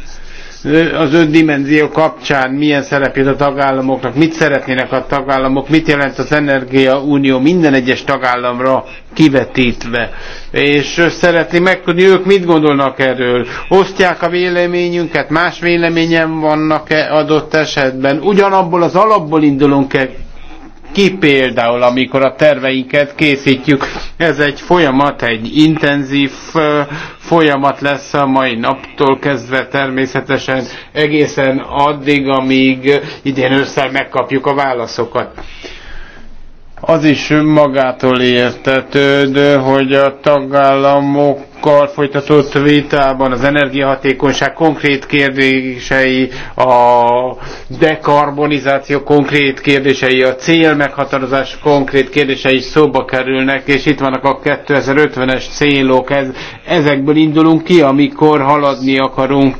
az öndimenzió kapcsán milyen szerepét a tagállamoknak, mit szeretnének a tagállamok, mit jelent az Energia Unió minden egyes tagállamra kivetítve. És szeretném megtudni, ők mit gondolnak erről. Osztják a véleményünket, más véleményen vannak-e adott esetben. Ugyanabból az alapból indulunk-e ki például, amikor a terveinket készítjük. Ez egy folyamat, egy intenzív folyamat lesz a mai naptól kezdve természetesen egészen addig, amíg idén ősszel megkapjuk a válaszokat. Az is magától értetődő, hogy a tagállamok kal folytatott vitában az energiahatékonyság konkrét kérdései, a dekarbonizáció konkrét kérdései, a cél meghatározás konkrét kérdései szóba kerülnek, és itt vannak a 2050-es célok, ez, ezekből indulunk ki, amikor haladni akarunk.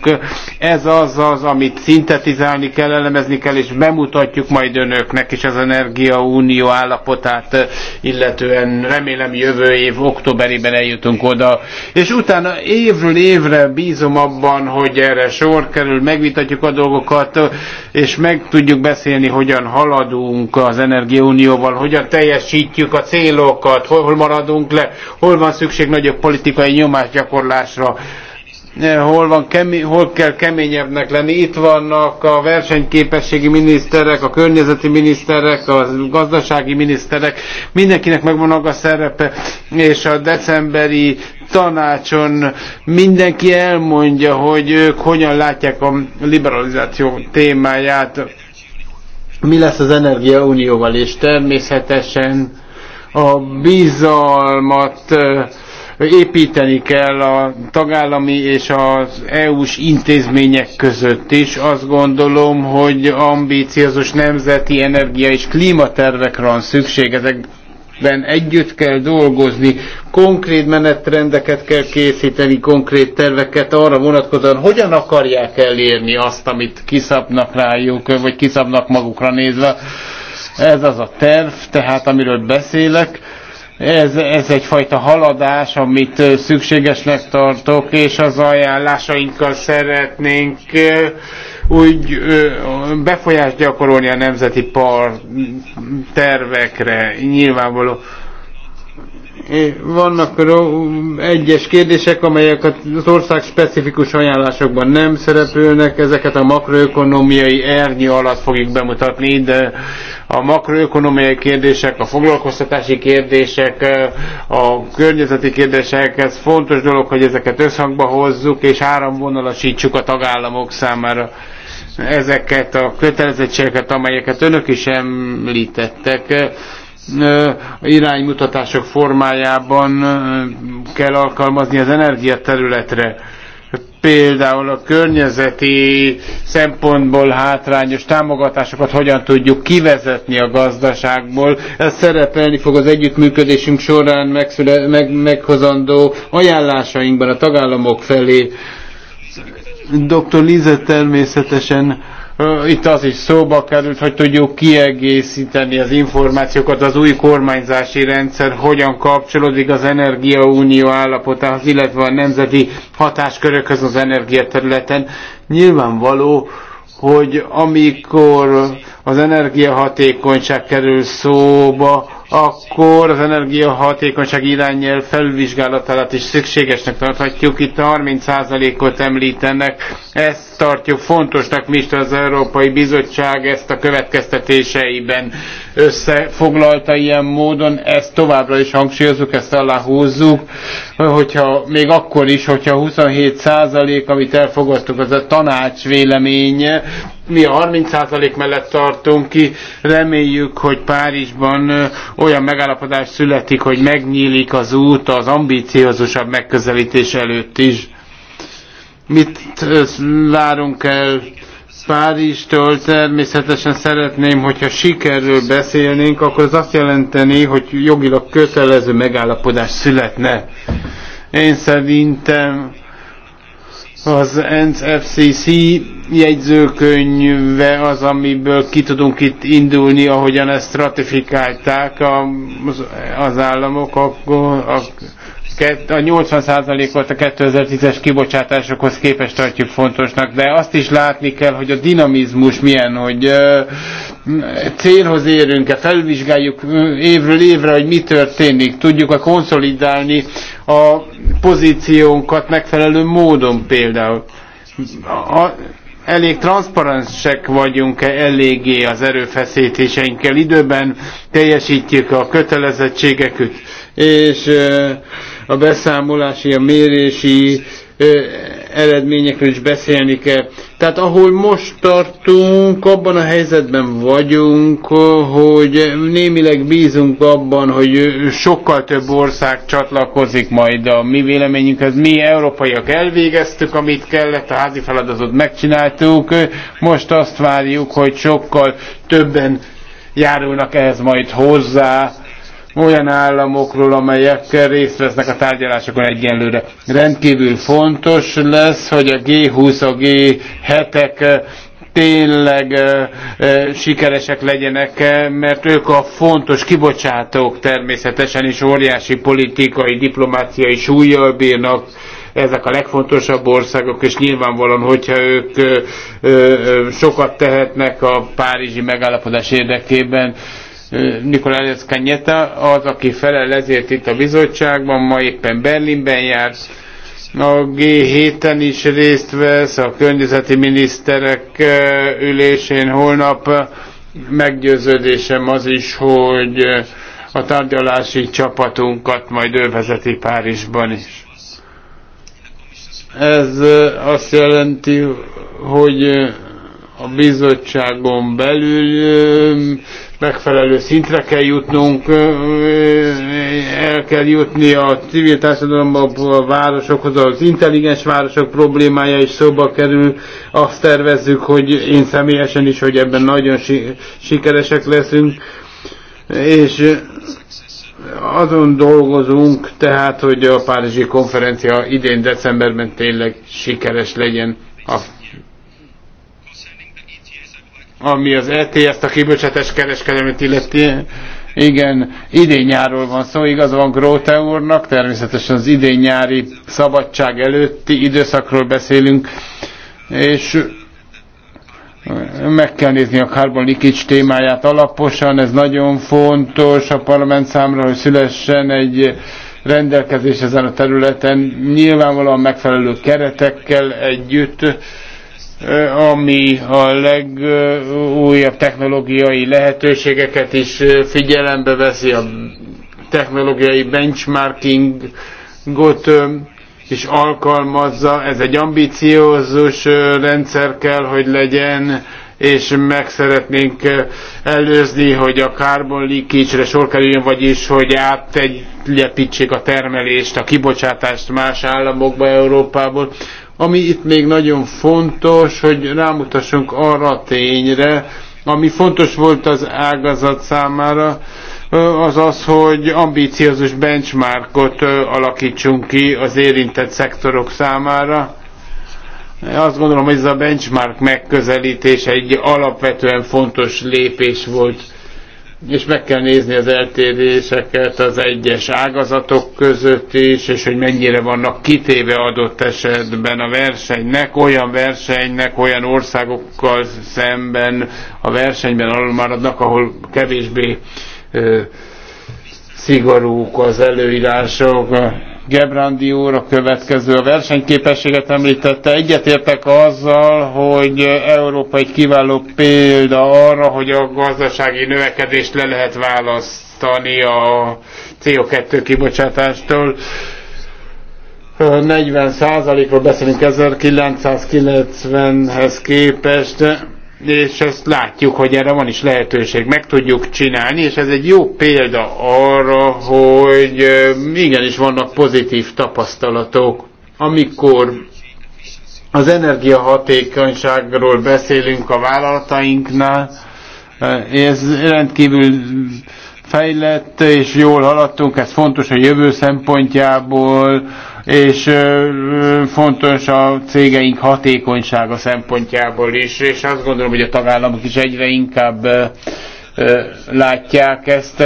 Ez az az, amit szintetizálni kell, elemezni kell, és bemutatjuk majd önöknek is az Energia Unió állapotát, illetően remélem jövő év októberében eljutunk oda, és utána évről évre bízom abban, hogy erre sor kerül, megvitatjuk a dolgokat, és meg tudjuk beszélni, hogyan haladunk az Energiaunióval, hogyan teljesítjük a célokat, hol maradunk le, hol van szükség nagyobb politikai nyomásgyakorlásra hol, van kemi, hol kell keményebbnek lenni. Itt vannak a versenyképességi miniszterek, a környezeti miniszterek, a gazdasági miniszterek, mindenkinek megvan a szerepe, és a decemberi tanácson mindenki elmondja, hogy ők hogyan látják a liberalizáció témáját, mi lesz az energiaunióval, és természetesen a bizalmat építeni kell a tagállami és az EU-s intézmények között is. Azt gondolom, hogy ambíciózus nemzeti energia és klímatervekre van szükség. Ben együtt kell dolgozni, konkrét menetrendeket kell készíteni, konkrét terveket arra vonatkozóan, hogyan akarják elérni azt, amit kiszabnak rájuk, vagy kiszabnak magukra nézve. Ez az a terv, tehát amiről beszélek ez, ez egyfajta haladás, amit szükségesnek tartok, és az ajánlásainkkal szeretnénk úgy befolyást gyakorolni a nemzeti par tervekre, nyilvánvaló vannak egyes kérdések, amelyek az ország specifikus ajánlásokban nem szerepelnek, ezeket a makroökonomiai ernyő alatt fogjuk bemutatni, de a makroökonomiai kérdések, a foglalkoztatási kérdések, a környezeti kérdések, ez fontos dolog, hogy ezeket összhangba hozzuk, és áramvonalasítsuk a tagállamok számára ezeket a kötelezettségeket, amelyeket önök is említettek iránymutatások formájában kell alkalmazni az energia területre például a környezeti szempontból hátrányos támogatásokat hogyan tudjuk kivezetni a gazdaságból. Ez szerepelni fog az együttműködésünk során megszüle, meg, meghozandó ajánlásainkban a tagállamok felé. Dr. Lize természetesen itt az is szóba került, hogy tudjuk kiegészíteni az információkat, az új kormányzási rendszer hogyan kapcsolódik az energiaunió állapotához, illetve a nemzeti hatáskörökhöz az energiaterületen. Nyilvánvaló, hogy amikor az energiahatékonyság kerül szóba, akkor az energiahatékonyság irányjel felülvizsgálatát is szükségesnek tarthatjuk. Itt 30%-ot említenek, ezt tartjuk fontosnak, mi is az Európai Bizottság ezt a következtetéseiben összefoglalta ilyen módon, ezt továbbra is hangsúlyozunk, ezt aláhúzzuk, hogyha még akkor is, hogyha 27% amit elfogadtuk, az a tanács véleménye, mi a 30% mellett tartunk ki, reméljük, hogy Párizsban olyan megállapodás születik, hogy megnyílik az út az ambíciózusabb megközelítés előtt is. Mit várunk el Párizstól? Természetesen szeretném, hogyha sikerről beszélnénk, akkor az azt jelenteni, hogy jogilag kötelező megállapodás születne. Én szerintem az NFCC jegyzőkönyve az, amiből ki tudunk itt indulni, ahogyan ezt ratifikálták az államok, akkor akkor a a 80%-ot a 2010-es kibocsátásokhoz képest tartjuk fontosnak, de azt is látni kell, hogy a dinamizmus milyen, hogy célhoz érünk-e, felvizsgáljuk évről évre, hogy mi történik, tudjuk-e konszolidálni a pozíciónkat megfelelő módon például. A, elég transzparensek vagyunk-e eléggé az erőfeszítéseinkkel, időben teljesítjük a kötelezettségeket, és a beszámolási, a mérési ö, eredményekről is beszélni kell. Tehát ahol most tartunk, abban a helyzetben vagyunk, hogy némileg bízunk abban, hogy sokkal több ország csatlakozik majd a mi véleményünkhez. Mi európaiak elvégeztük, amit kellett, a házi feladatot megcsináltuk, most azt várjuk, hogy sokkal többen járulnak ehhez majd hozzá, olyan államokról, amelyekkel részt vesznek a tárgyalásokon egyenlőre. Rendkívül fontos lesz, hogy a G20, a G7-ek eh, tényleg e, e, sikeresek legyenek, e, mert ők a fontos kibocsátók természetesen is óriási politikai, diplomáciai súlyjal bírnak, ezek a legfontosabb országok, és nyilvánvalóan, hogyha ők ö, ö, sokat tehetnek a párizsi megállapodás érdekében, Nikolás Kanyeta az, aki felel ezért itt a bizottságban, ma éppen Berlinben jár, a G7-en is részt vesz, a környezeti miniszterek ülésén holnap meggyőződésem az is, hogy a tárgyalási csapatunkat majd ő vezeti Párizsban is. Ez azt jelenti, hogy a bizottságon belül megfelelő szintre kell jutnunk, el kell jutni a civil társadalomba, a városokhoz, az intelligens városok problémája is szóba kerül. Azt tervezzük, hogy én személyesen is, hogy ebben nagyon sikeresek leszünk. És azon dolgozunk, tehát, hogy a Párizsi konferencia idén decemberben tényleg sikeres legyen. A ami az ETS-t, a kibocsátás kereskedelmet illeti. Igen, idén-nyáról van szó, igaz van Gróte úrnak, természetesen az idén-nyári szabadság előtti időszakról beszélünk, és meg kell nézni a Carbon Leakage témáját alaposan, ez nagyon fontos a parlament számra, hogy szülessen egy rendelkezés ezen a területen, nyilvánvalóan megfelelő keretekkel együtt, ami a legújabb technológiai lehetőségeket is figyelembe veszi, a technológiai benchmarkingot is alkalmazza. Ez egy ambiciózus rendszer kell, hogy legyen, és meg szeretnénk előzni, hogy a carbon leakage-re sor kerüljön, vagyis hogy áttegyepítsék a termelést, a kibocsátást más államokba, Európából. Ami itt még nagyon fontos, hogy rámutassunk arra a tényre, ami fontos volt az ágazat számára, az az, hogy ambíciózus benchmarkot alakítsunk ki az érintett szektorok számára. Azt gondolom, hogy ez a benchmark megközelítés egy alapvetően fontos lépés volt és meg kell nézni az eltéréseket az egyes ágazatok között is, és hogy mennyire vannak kitéve adott esetben a versenynek, olyan versenynek, olyan országokkal szemben a versenyben maradnak, ahol kevésbé ö, szigorúk az előírások Gebrandi úr a következő. A versenyképességet említette. Egyetértek azzal, hogy Európa egy kiváló példa arra, hogy a gazdasági növekedést le lehet választani a CO2 kibocsátástól. 40%-ról beszélünk 1990-hez képest és ezt látjuk, hogy erre van is lehetőség, meg tudjuk csinálni, és ez egy jó példa arra, hogy igenis vannak pozitív tapasztalatok, amikor az energiahatékonyságról beszélünk a vállalatainknál, ez rendkívül fejlett és jól haladtunk, ez fontos a jövő szempontjából, és fontos a cégeink hatékonysága szempontjából is, és azt gondolom, hogy a tagállamok is egyre inkább látják ezt.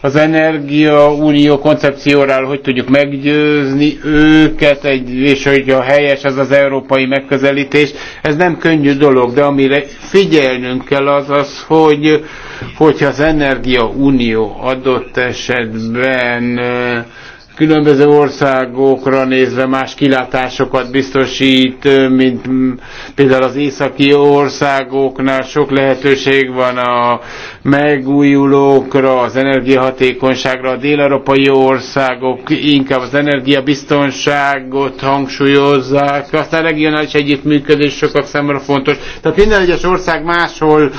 Az Energia Unió koncepcióráról hogy tudjuk meggyőzni őket, egy, és hogy a helyes ez az európai megközelítés. Ez nem könnyű dolog, de amire figyelnünk kell az az, hogy hogyha az Energia Unió adott esetben különböző országokra nézve más kilátásokat biztosít, mint például az északi országoknál sok lehetőség van a megújulókra, az energiahatékonyságra, a dél-európai országok inkább az energiabiztonságot hangsúlyozzák, aztán regionális együttműködés sokak számára fontos. Tehát minden egyes ország máshol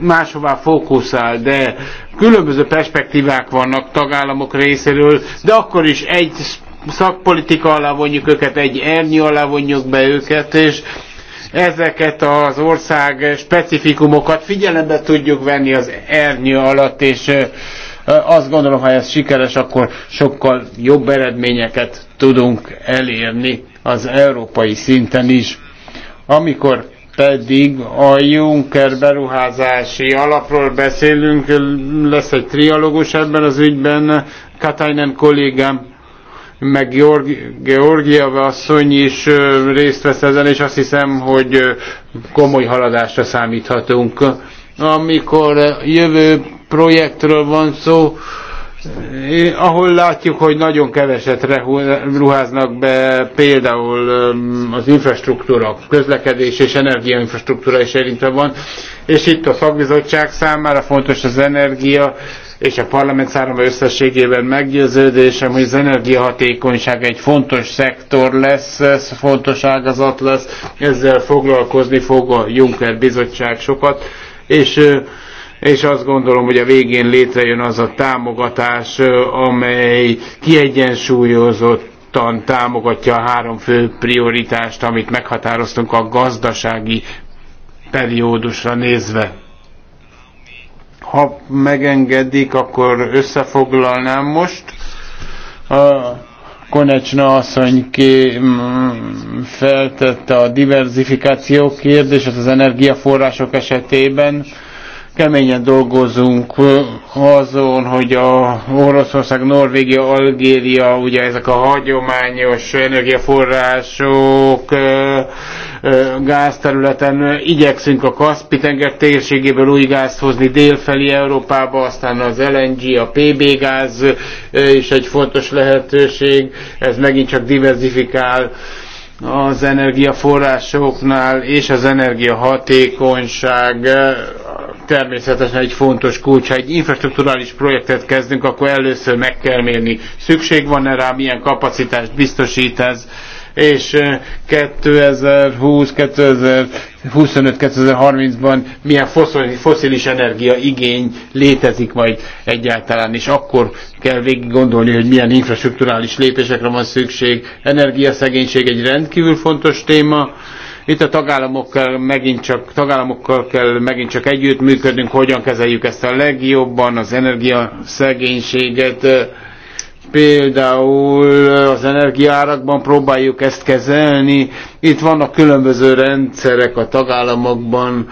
máshová fókuszál, de különböző perspektívák vannak tagállamok részéről, de akkor is egy szakpolitika alá vonjuk őket, egy ernyi alá vonjuk be őket, és ezeket az ország specifikumokat figyelembe tudjuk venni az ernyő alatt, és azt gondolom, ha ez sikeres, akkor sokkal jobb eredményeket tudunk elérni az európai szinten is. Amikor pedig a Juncker beruházási alapról beszélünk, lesz egy trialógus ebben az ügyben, Katainen kollégám meg Georgia asszony is részt vesz ezen, és azt hiszem, hogy komoly haladásra számíthatunk. Amikor jövő projektről van szó, ahol látjuk, hogy nagyon keveset ruháznak be például az infrastruktúra, közlekedés és energiainfrastruktúra is érintve van, és itt a szakbizottság számára fontos az energia, és a parlament számára összességében meggyőződésem, hogy az energiahatékonyság egy fontos szektor lesz, ez fontos ágazat lesz, ezzel foglalkozni fog a Juncker bizottság sokat, és és azt gondolom, hogy a végén létrejön az a támogatás, amely kiegyensúlyozott támogatja a három fő prioritást, amit meghatároztunk a gazdasági periódusra nézve. Ha megengedik, akkor összefoglalnám most. A Konecsna asszony ki feltette a diversifikáció kérdését az energiaforrások esetében keményen dolgozunk azon, hogy a Oroszország, Norvégia, Algéria, ugye ezek a hagyományos energiaforrások gázterületen igyekszünk a Kaspi-tenger térségéből új gázt hozni délfelé Európába, aztán az LNG, a PB gáz is egy fontos lehetőség, ez megint csak diversifikál az energiaforrásoknál és az energiahatékonyság természetesen egy fontos kulcs. Ha egy infrastruktúrális projektet kezdünk, akkor először meg kell mérni, szükség van-e rá, milyen kapacitást biztosít ez, és 2020-2025-2030-ban eh, milyen foszilis energia igény létezik majd egyáltalán, és akkor kell végig gondolni, hogy milyen infrastruktúrális lépésekre van szükség. Energiaszegénység egy rendkívül fontos téma, itt a tagállamokkal megint csak, tagállamokkal kell megint csak együttműködnünk, hogyan kezeljük ezt a legjobban, az energiaszegénységet, például az energiárakban próbáljuk ezt kezelni. Itt vannak különböző rendszerek a tagállamokban,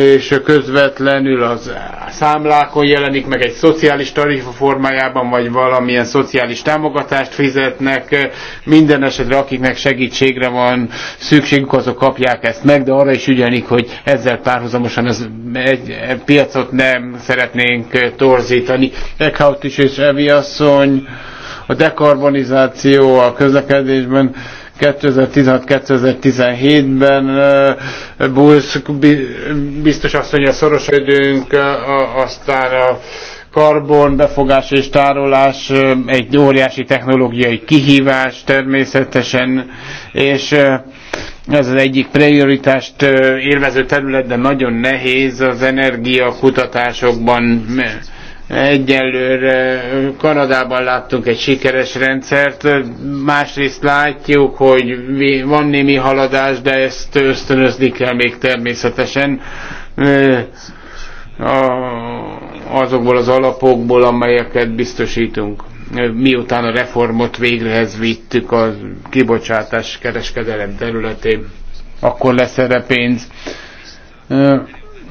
és közvetlenül az számlákon jelenik meg egy szociális tarifa formájában, vagy valamilyen szociális támogatást fizetnek. Minden esetre, akiknek segítségre van szükségük, azok kapják ezt meg, de arra is ügyenik, hogy ezzel párhuzamosan ez egy e, piacot nem szeretnénk e, torzítani. Eckhout is és Evi asszony, a dekarbonizáció a közlekedésben 2016-2017-ben Bulsz biztos szoros szorosodunk, aztán a karbon befogás és tárolás egy óriási technológiai kihívás természetesen, és ez az egyik prioritást élvező terület, de nagyon nehéz az energiakutatásokban Egyelőre Kanadában láttunk egy sikeres rendszert, másrészt látjuk, hogy van némi haladás, de ezt ösztönözni kell még természetesen azokból az alapokból, amelyeket biztosítunk. Miután a reformot végrehez vittük a kibocsátás kereskedelem területén, akkor lesz erre pénz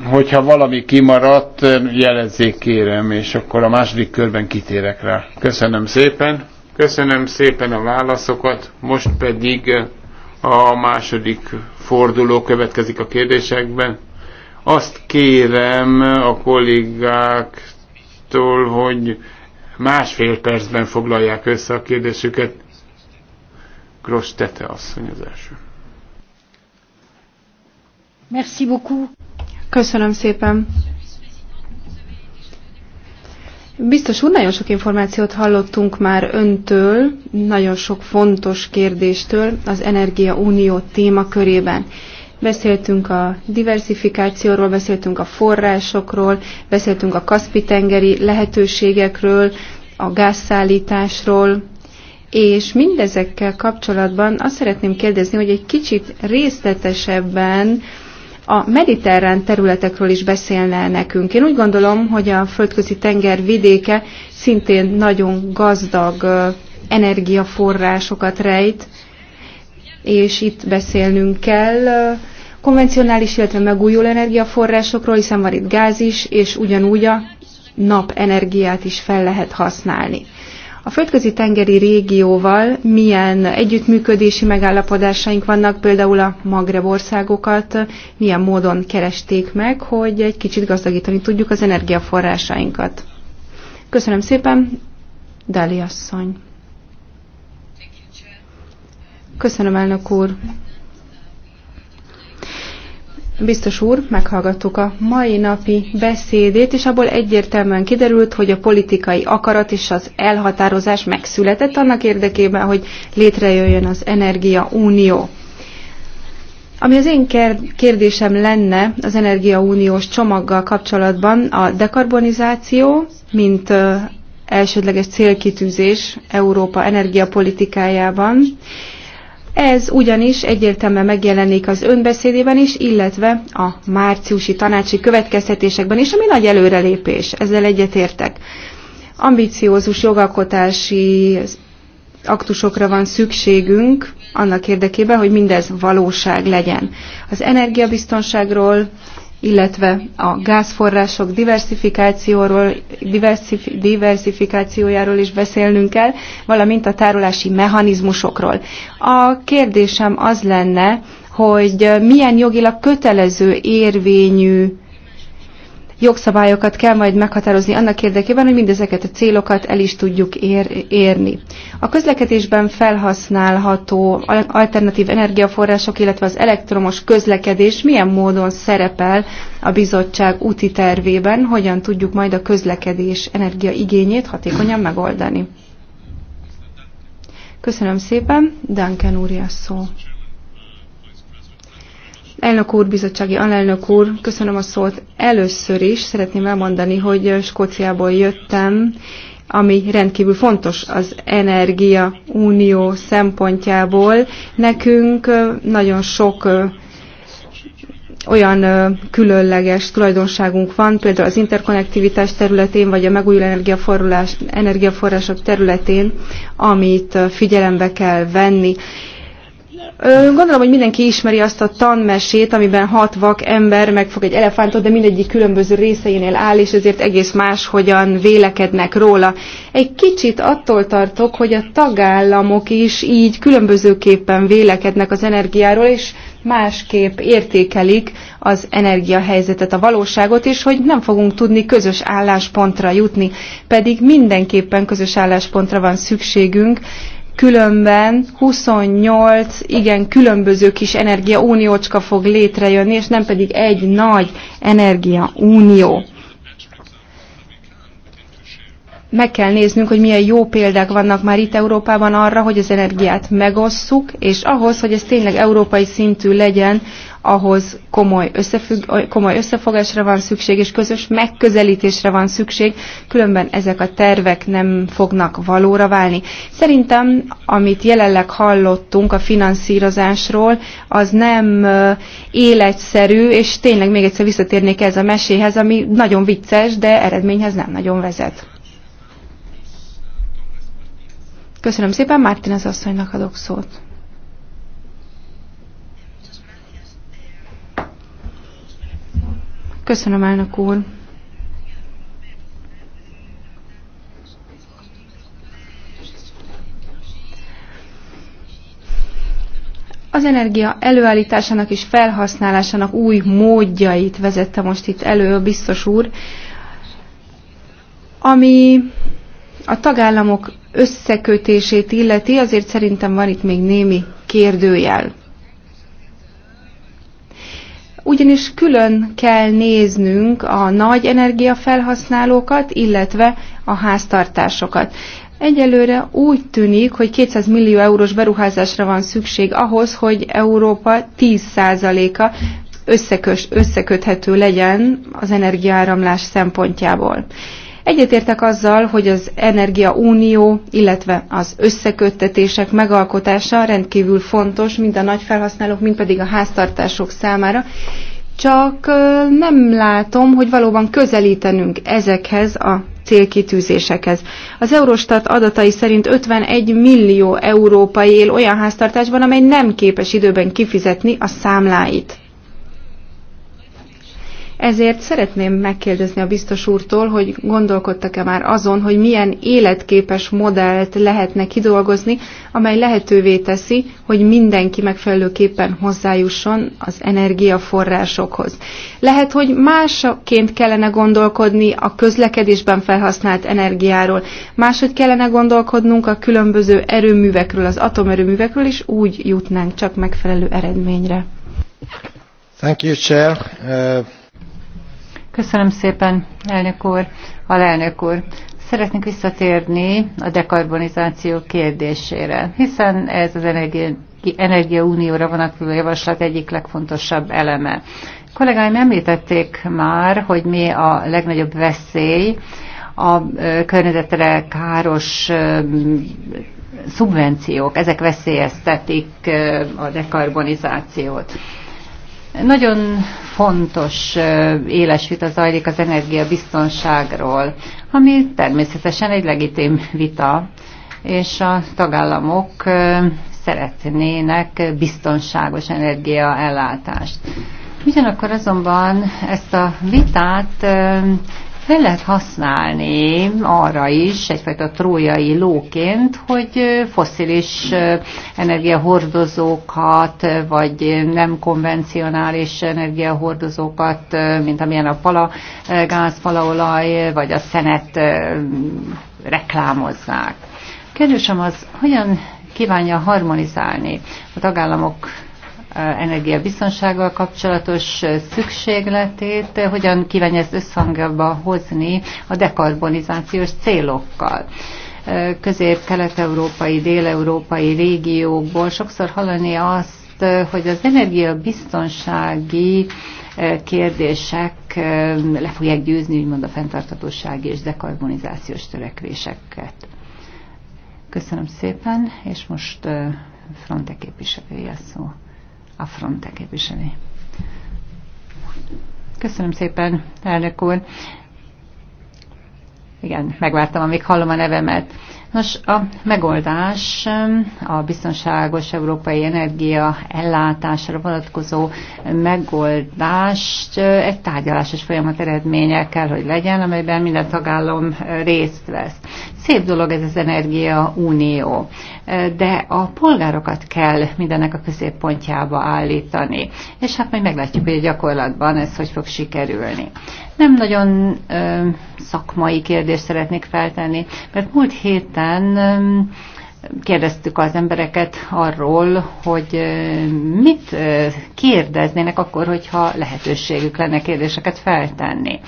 hogyha valami kimaradt, jelezzék kérem, és akkor a második körben kitérek rá. Köszönöm szépen. Köszönöm szépen a válaszokat. Most pedig eh, a második forduló következik a kérdésekben. Azt kérem a kollégáktól, hogy másfél percben foglalják össze a kérdésüket. Grosz Tete asszony az első. Merci beaucoup. Köszönöm szépen. Biztos úr, nagyon sok információt hallottunk már öntől, nagyon sok fontos kérdéstől az Energia Unió témakörében. Beszéltünk a diversifikációról, beszéltünk a forrásokról, beszéltünk a Kaszpi-tengeri lehetőségekről, a gázszállításról, és mindezekkel kapcsolatban azt szeretném kérdezni, hogy egy kicsit részletesebben a mediterrán területekről is beszélne nekünk. Én úgy gondolom, hogy a földközi tenger vidéke szintén nagyon gazdag energiaforrásokat rejt, és itt beszélnünk kell konvencionális, illetve megújuló energiaforrásokról, hiszen van itt gáz is, és ugyanúgy a napenergiát is fel lehet használni a földközi tengeri régióval milyen együttműködési megállapodásaink vannak, például a Magreb országokat milyen módon keresték meg, hogy egy kicsit gazdagítani tudjuk az energiaforrásainkat. Köszönöm szépen, Dali asszony. Köszönöm, elnök úr. Biztos úr, meghallgattuk a mai napi beszédét, és abból egyértelműen kiderült, hogy a politikai akarat és az elhatározás megszületett annak érdekében, hogy létrejöjjön az Energia Unió. Ami az én kérdésem lenne az energia uniós csomaggal kapcsolatban, a dekarbonizáció, mint elsődleges célkitűzés Európa energiapolitikájában, ez ugyanis egyértelműen megjelenik az önbeszédében is, illetve a márciusi tanácsi következtetésekben is, ami nagy előrelépés, ezzel egyetértek. Ambiciózus jogalkotási aktusokra van szükségünk annak érdekében, hogy mindez valóság legyen. Az energiabiztonságról, illetve a gázforrások diversifikációról, diversif, diversifikációjáról is beszélnünk kell, valamint a tárolási mechanizmusokról. A kérdésem az lenne, hogy milyen jogilag kötelező érvényű jogszabályokat kell majd meghatározni annak érdekében, hogy mindezeket a célokat el is tudjuk ér érni. A közlekedésben felhasználható alternatív energiaforrások, illetve az elektromos közlekedés milyen módon szerepel a bizottság úti tervében, hogyan tudjuk majd a közlekedés energiaigényét hatékonyan megoldani. Köszönöm szépen, Duncan úr a szó. Elnök úr, bizottsági alelnök úr, köszönöm a szót. Először is szeretném elmondani, hogy Skóciából jöttem, ami rendkívül fontos az Energia Unió szempontjából. Nekünk nagyon sok olyan különleges tulajdonságunk van, például az interkonnektivitás területén, vagy a megújuló energiaforrások területén, amit figyelembe kell venni. Gondolom, hogy mindenki ismeri azt a tanmesét, amiben hat vak ember megfog egy elefántot, de mindegyik különböző részeinél áll, és ezért egész máshogyan vélekednek róla. Egy kicsit attól tartok, hogy a tagállamok is így különbözőképpen vélekednek az energiáról, és másképp értékelik az energiahelyzetet, a valóságot, és hogy nem fogunk tudni közös álláspontra jutni, pedig mindenképpen közös álláspontra van szükségünk, különben 28 igen különböző kis energiauniócska fog létrejönni, és nem pedig egy nagy energiaunió meg kell néznünk, hogy milyen jó példák vannak már itt Európában arra, hogy az energiát megosszuk, és ahhoz, hogy ez tényleg európai szintű legyen, ahhoz komoly, összefügg, komoly összefogásra van szükség, és közös megközelítésre van szükség, különben ezek a tervek nem fognak valóra válni. Szerintem, amit jelenleg hallottunk a finanszírozásról, az nem életszerű, és tényleg még egyszer visszatérnék ez a meséhez, ami nagyon vicces, de eredményhez nem nagyon vezet. Köszönöm szépen, az asszonynak adok szót. Köszönöm, elnök úr. Az energia előállításának és felhasználásának új módjait vezette most itt elő a biztos úr, ami a tagállamok összekötését illeti, azért szerintem van itt még némi kérdőjel. Ugyanis külön kell néznünk a nagy energiafelhasználókat, illetve a háztartásokat. Egyelőre úgy tűnik, hogy 200 millió eurós beruházásra van szükség ahhoz, hogy Európa 10%-a összekös, összeköthető legyen az energiaáramlás szempontjából. Egyetértek azzal, hogy az Energia Unió, illetve az összeköttetések megalkotása rendkívül fontos, mind a nagy felhasználók, mind pedig a háztartások számára, csak nem látom, hogy valóban közelítenünk ezekhez a célkitűzésekhez. Az Eurostat adatai szerint 51 millió európai él olyan háztartásban, amely nem képes időben kifizetni a számláit. Ezért szeretném megkérdezni a biztos úrtól, hogy gondolkodtak-e már azon, hogy milyen életképes modellt lehetne kidolgozni, amely lehetővé teszi, hogy mindenki megfelelőképpen hozzájusson az energiaforrásokhoz. Lehet, hogy másként kellene gondolkodni a közlekedésben felhasznált energiáról, máshogy kellene gondolkodnunk a különböző erőművekről, az atomerőművekről, és úgy jutnánk csak megfelelő eredményre. Thank you, Chair. Uh... Köszönöm szépen, elnök úr, alelnök úr. Szeretnék visszatérni a dekarbonizáció kérdésére, hiszen ez az energia, vonatkozó javaslat egyik legfontosabb eleme. A kollégáim említették már, hogy mi a legnagyobb veszély a környezetre káros szubvenciók, ezek veszélyeztetik a dekarbonizációt. Nagyon fontos éles vita zajlik az energiabiztonságról, ami természetesen egy legitim vita, és a tagállamok szeretnének biztonságos energiaellátást. Ugyanakkor azonban ezt a vitát fel lehet használni arra is, egyfajta trójai lóként, hogy foszilis energiahordozókat, vagy nem konvencionális energiahordozókat, mint amilyen a pala, gáz, palaolaj, vagy a szenet reklámozzák. Kérdésem az, hogyan kívánja harmonizálni a tagállamok energiabiztonsággal kapcsolatos szükségletét, hogyan kívánja ezt összhangba hozni a dekarbonizációs célokkal közép-kelet-európai, dél-európai régiókból sokszor hallani azt, hogy az energiabiztonsági kérdések le fogják győzni, úgymond a fenntartatósági és dekarbonizációs törekvéseket. Köszönöm szépen, és most Fronte képviselője szó a frontek képviselő. Köszönöm szépen, elnök úr. Igen, megvártam, amíg hallom a nevemet. Nos, a megoldás a biztonságos európai energia ellátásra vonatkozó megoldást egy tárgyalásos folyamat eredménye kell, hogy legyen, amelyben minden tagállam részt vesz. Szép dolog ez az Energia Unió, de a polgárokat kell mindennek a középpontjába állítani, és hát majd meglátjuk, hogy a gyakorlatban ez hogy fog sikerülni. Nem nagyon ö, szakmai kérdést szeretnék feltenni, mert múlt héten ö, kérdeztük az embereket arról, hogy mit kérdeznének akkor, hogyha lehetőségük lenne kérdéseket feltenni.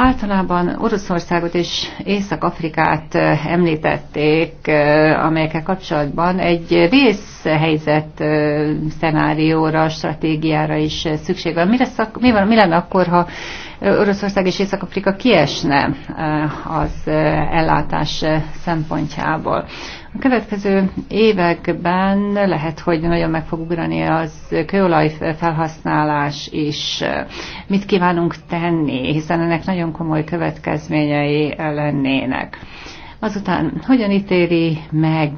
Általában Oroszországot és Észak-Afrikát eh, említették, eh, amelyekkel kapcsolatban egy vészhelyzet eh, szenárióra, stratégiára is szükség van. Mire szak, mi, van, mi lenne akkor, ha Oroszország és Észak-Afrika kiesne az ellátás szempontjából? A következő években lehet, hogy nagyon meg fog ugrani az kőolaj felhasználás is. Mit kívánunk tenni, hiszen ennek nagyon komoly következményei lennének. Azután hogyan ítéli meg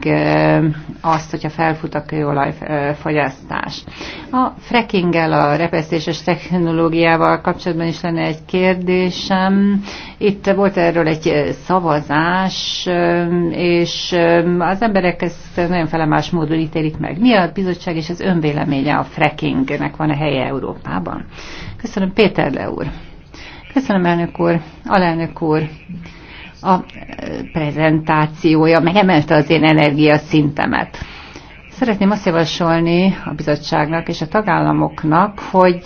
azt, hogyha felfut a kőolajfogyasztás? A frackinggel, a repesztéses technológiával kapcsolatban is lenne egy kérdésem. Itt volt erről egy szavazás, és az emberek ezt nagyon felemás módon ítélik meg. Mi a bizottság és az önvéleménye a frackingnek van a helye Európában? Köszönöm, Péter Le úr. Köszönöm, elnök úr, alelnök úr. A prezentációja megemelte az én energiaszintemet. Szeretném azt javasolni a bizottságnak és a tagállamoknak, hogy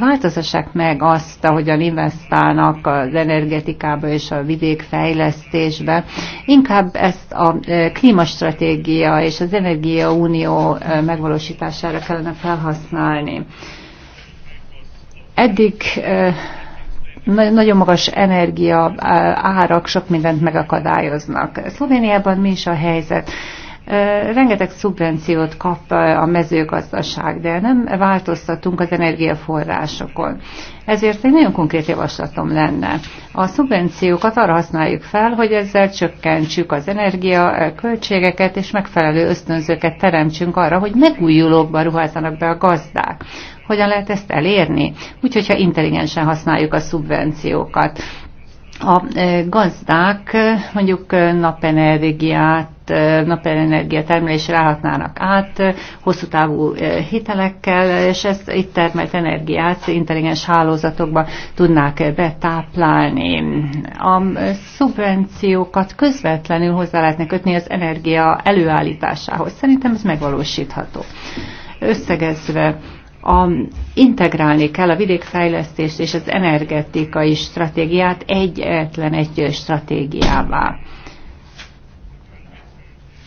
változassák meg azt, ahogyan investálnak az energetikába és a vidékfejlesztésbe. Inkább ezt a klímastratégia és az energiaunió megvalósítására kellene felhasználni. Eddig nagyon magas energia árak sok mindent megakadályoznak. Szlovéniában mi is a helyzet? Rengeteg szubvenciót kap a mezőgazdaság, de nem változtatunk az energiaforrásokon. Ezért egy nagyon konkrét javaslatom lenne. A szubvenciókat arra használjuk fel, hogy ezzel csökkentsük az energia költségeket, és megfelelő ösztönzőket teremtsünk arra, hogy megújulókba ruházanak be a gazdák. Hogyan lehet ezt elérni? Úgyhogy, ha intelligensen használjuk a szubvenciókat. A e, gazdák e, mondjuk e, napenergiát napenergia termelésre állhatnának át hosszú távú hitelekkel, és ezt itt termelt energiát intelligens hálózatokba tudnák betáplálni. A szubvenciókat közvetlenül hozzá lehetne kötni az energia előállításához. Szerintem ez megvalósítható. Összegezve, a, integrálni kell a vidékfejlesztést és az energetikai stratégiát egyetlen egy stratégiává.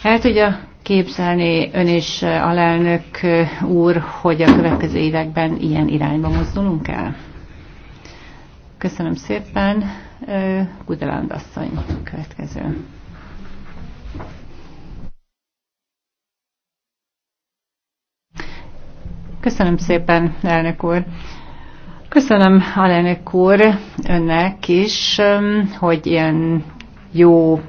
El tudja képzelni ön is, alelnök úr, hogy a következő években ilyen irányba mozdulunk el? Köszönöm szépen. Gudeland asszony következő. Köszönöm szépen, elnök úr. Köszönöm, elnök úr, önnek is, hogy ilyen jó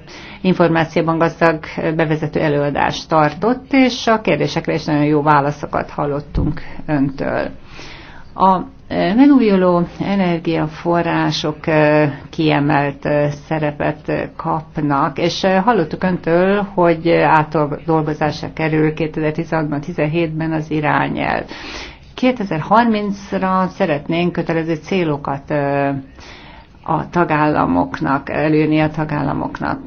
információban gazdag bevezető előadást tartott, és a kérdésekre is nagyon jó válaszokat hallottunk öntől. A megújuló energiaforrások kiemelt szerepet kapnak, és hallottuk öntől, hogy átdolgozásra kerül 2016 17-ben az irányel. 2030-ra szeretnénk kötelező célokat a tagállamoknak, előni a tagállamoknak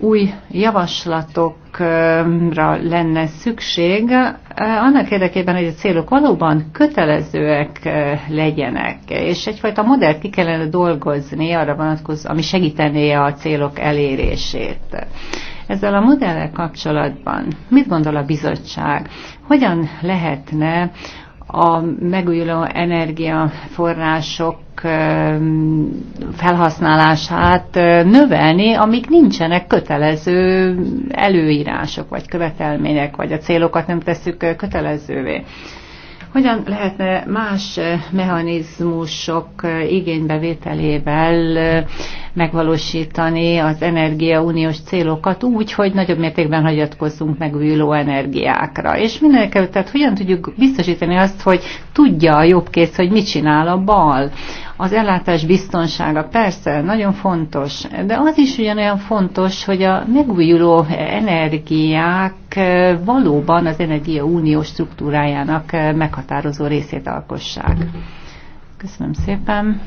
új javaslatokra um, lenne szükség, uh, annak érdekében, hogy a célok valóban kötelezőek uh, legyenek, és egyfajta modellt ki kellene dolgozni arra vonatkozóan, ami segítené a célok elérését. Ezzel a modellel kapcsolatban mit gondol a bizottság? Hogyan lehetne a megújuló energiaforrások felhasználását növelni, amik nincsenek kötelező előírások, vagy követelmények, vagy a célokat nem tesszük kötelezővé. Hogyan lehetne más eh, mechanizmusok eh, igénybevételével eh, megvalósítani az energiauniós célokat úgy, hogy nagyobb mértékben hagyatkozzunk megújuló energiákra. És mindenekelőtt, tehát hogyan tudjuk biztosítani azt, hogy tudja a jobb kéz, hogy mit csinál a bal. Az ellátás biztonsága persze nagyon fontos, de az is ugyanolyan fontos, hogy a megújuló energiák eh, valóban az Energia Unió struktúrájának eh, meghatározó részét alkossák. Köszönöm szépen.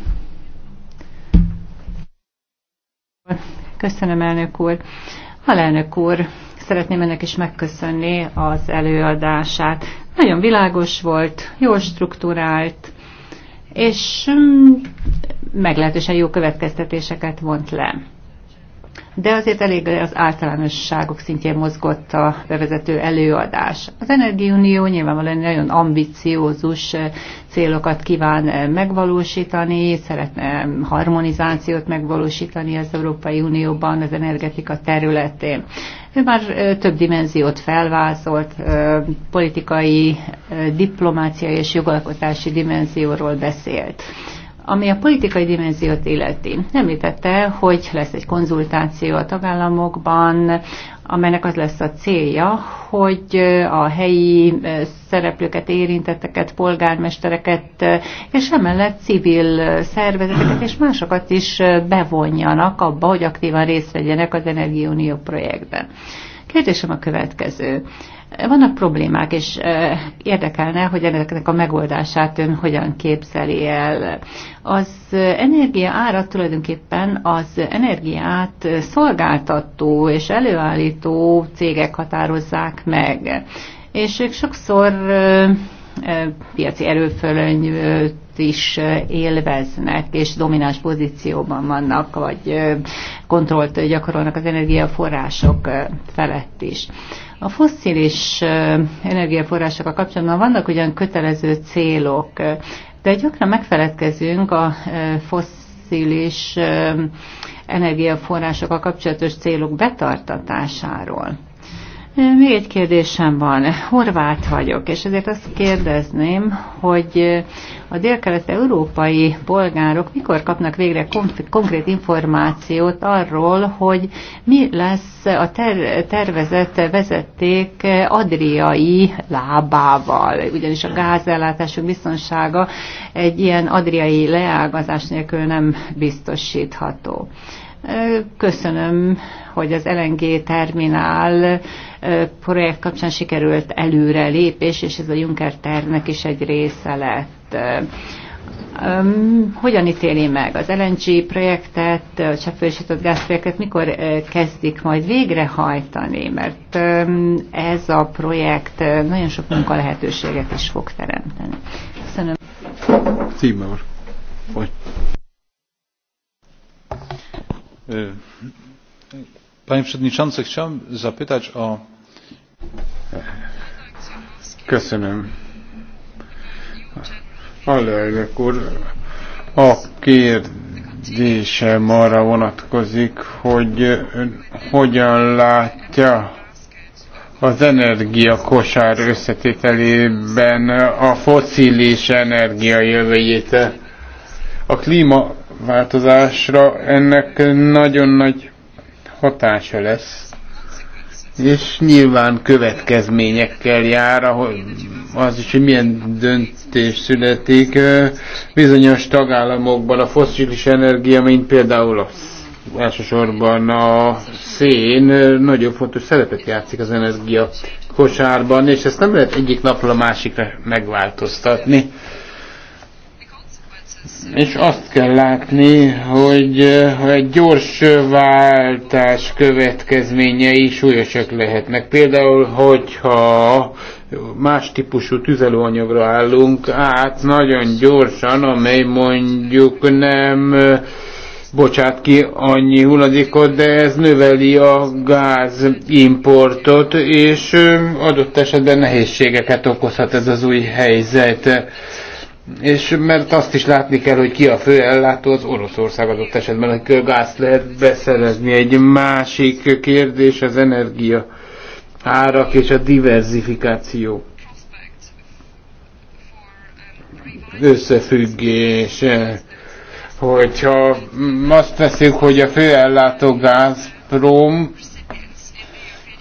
Köszönöm, elnök úr. Halelnök úr, szeretném önnek is megköszönni az előadását nagyon világos volt, jól struktúrált, és mm, meglehetősen jó következtetéseket vont le. De azért elég az általánosságok szintjén mozgott a bevezető előadás. Az Energiunió nyilvánvalóan nagyon ambiciózus eh, célokat kíván eh, megvalósítani, szeretne eh, harmonizációt megvalósítani az Európai Unióban az energetika területén. Ő már több dimenziót felvázolt, politikai, diplomáciai és jogalkotási dimenzióról beszélt. Ami a politikai dimenziót illeti, említette, hogy lesz egy konzultáció a tagállamokban, amelynek az lesz a célja, hogy a helyi eh, szereplőket, érintetteket, polgármestereket, eh, és emellett civil szervezeteket és másokat is eh, bevonjanak abba, hogy aktívan részt vegyenek az Energiaunió projektben. Kérdésem a következő. Vannak problémák, és érdekelne, hogy ennek a megoldását ön hogyan képzeli el. Az energia ára tulajdonképpen az energiát szolgáltató és előállító cégek határozzák meg. És ők sokszor piaci erőfölönyt is élveznek, és domináns pozícióban vannak, vagy kontrollt gyakorolnak az energiaforrások felett is. A fosszilis energiaforrásokkal kapcsolatban vannak ugyan kötelező célok, de gyakran megfeledkezünk a fosszilis energiaforrásokkal kapcsolatos célok betartatásáról. Még egy kérdésem van. Horvát vagyok, és ezért azt kérdezném, hogy eh, a délkelet-európai polgárok mikor kapnak végre konkrét információt arról, hogy mi lesz a ter- tervezett vezeték adriai lábával, ugyanis a gázellátásunk biztonsága egy ilyen adriai leágazás nélkül nem biztosítható. Köszönöm, hogy az LNG terminál projekt kapcsán sikerült előre lépés, és ez a Juncker tervnek is egy része lett. hogyan ítéli meg az LNG projektet, a cseppfolyósított gázprojektet, mikor kezdik majd végrehajtani, mert ez a projekt nagyon sok munka lehetőséget is fog teremteni. Köszönöm. Címer. Vagy. Panie Przewodniczący, chciałbym zapytać o... Köszönöm. Alelnök úr, a kérdésem arra vonatkozik, hogy hogyan látja az energia kosár összetételében a foszilis energia jövőjét. A klíma változásra ennek nagyon nagy hatása lesz, és nyilván következményekkel jár, ahogy az is, hogy milyen döntés születik bizonyos tagállamokban a foszilis energia, mint például a elsősorban a szén nagyon fontos szerepet játszik az energia kosárban, és ezt nem lehet egyik napra a másikra megváltoztatni és azt kell látni, hogy ha egy gyors váltás következményei súlyosak lehetnek. Például, hogyha más típusú tüzelőanyagra állunk át nagyon gyorsan, amely mondjuk nem bocsát ki annyi hulladékot, de ez növeli a gáz importot, és adott esetben nehézségeket okozhat ez az új helyzet és mert azt is látni kell, hogy ki a fő ellátó az Oroszország adott esetben, hogy gázt lehet beszerezni. Egy másik kérdés az energia árak és a diversifikáció összefüggés. Hogyha azt veszük, hogy a fő ellátó Gazprom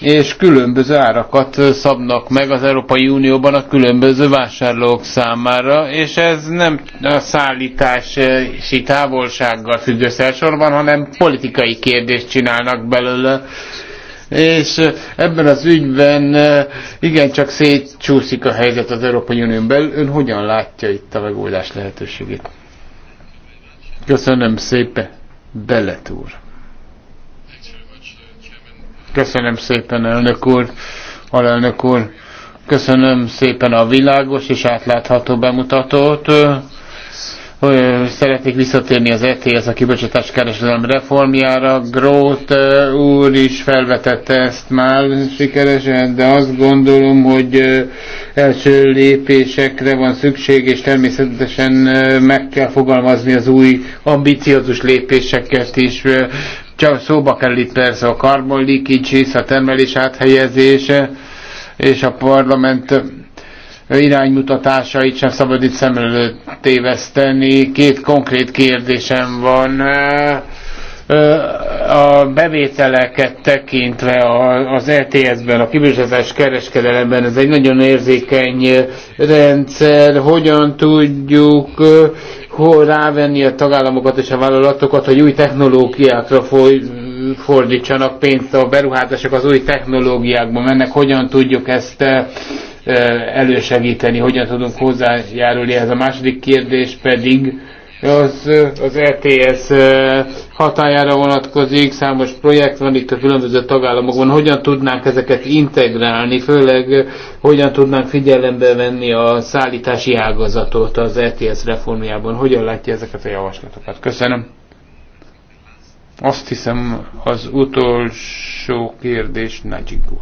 és különböző árakat szabnak meg az Európai Unióban a különböző vásárlók számára, és ez nem a szállítási távolsággal függ össze hanem politikai kérdést csinálnak belőle és ebben az ügyben eh, igencsak szétcsúszik a helyzet az Európai Unión belül. Ön hogyan látja itt a megoldás lehetőségét? Köszönöm szépen, beletúr. úr. Köszönöm szépen, elnök úr, alelnök úr. Köszönöm szépen a világos és átlátható bemutatót. Szeretnék visszatérni az ETS, a kibocsátás kereselem reformjára. Grót úr is felvetette ezt már sikeresen, de azt gondolom, hogy első lépésekre van szükség, és természetesen meg kell fogalmazni az új ambiciózus lépéseket is. Csak szóba kell itt persze a karbonlikítsész, a termelés áthelyezése, és a parlament iránymutatásait sem szabad itt szem előtt téveszteni. Két konkrét kérdésem van. A bevételeket tekintve az ETS-ben, a kibőzsezás kereskedelemben, ez egy nagyon érzékeny rendszer. Hogyan tudjuk hol rávenni a tagállamokat és a vállalatokat, hogy új technológiákra foly, fordítsanak pénzt, a beruházások az új technológiákban, mennek, hogyan tudjuk ezt eh, eh, elősegíteni, hogyan tudunk hozzájárulni. Ez a második kérdés pedig az, az ETS hatájára vonatkozik, számos projekt van itt a különböző tagállamokban. Hogyan tudnánk ezeket integrálni, főleg hogyan tudnánk figyelembe venni a szállítási ágazatot az ETS reformjában? Hogyan látja ezeket a javaslatokat? Köszönöm. Azt hiszem az utolsó kérdés Nagyik úr.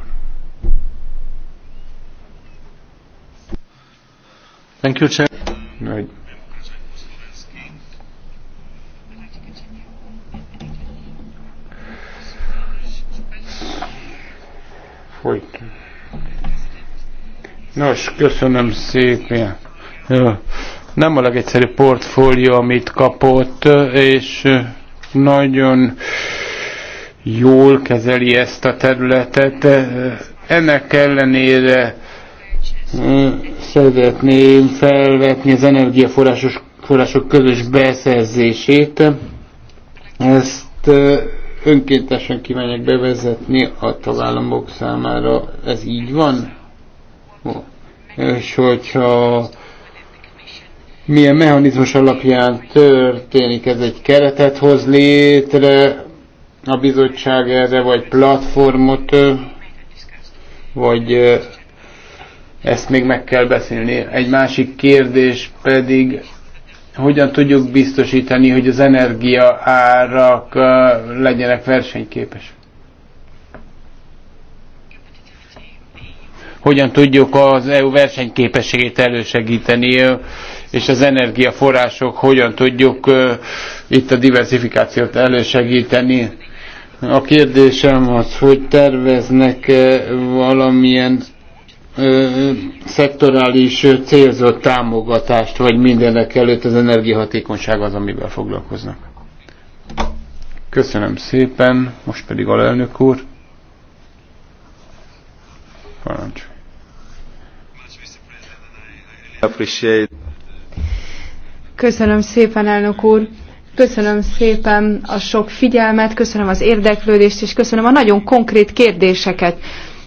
Thank you, Chair. Right. Folyt. Nos, köszönöm szépen. Nem a legegyszerű portfólió, amit kapott, és nagyon jól kezeli ezt a területet. Ennek ellenére szeretném felvetni az energiaforrások közös beszerzését. Ezt önkéntesen kívánják bevezetni a tagállamok számára. Ez így van? És hogyha milyen mechanizmus alapján történik ez egy keretet hoz létre, a bizottság erre, vagy platformot, vagy ezt még meg kell beszélni. Egy másik kérdés pedig hogyan tudjuk biztosítani, hogy az energia árak legyenek versenyképesek? Hogyan tudjuk az EU versenyképességét elősegíteni, és az energiaforrások hogyan tudjuk itt a diversifikációt elősegíteni? A kérdésem az, hogy terveznek -e valamilyen szektorális célzott támogatást, vagy mindenek előtt az energiahatékonyság az, amivel foglalkoznak. Köszönöm szépen, most pedig alelnök úr. Parancs. Köszönöm szépen, elnök úr. Köszönöm szépen a sok figyelmet, köszönöm az érdeklődést, és köszönöm a nagyon konkrét kérdéseket.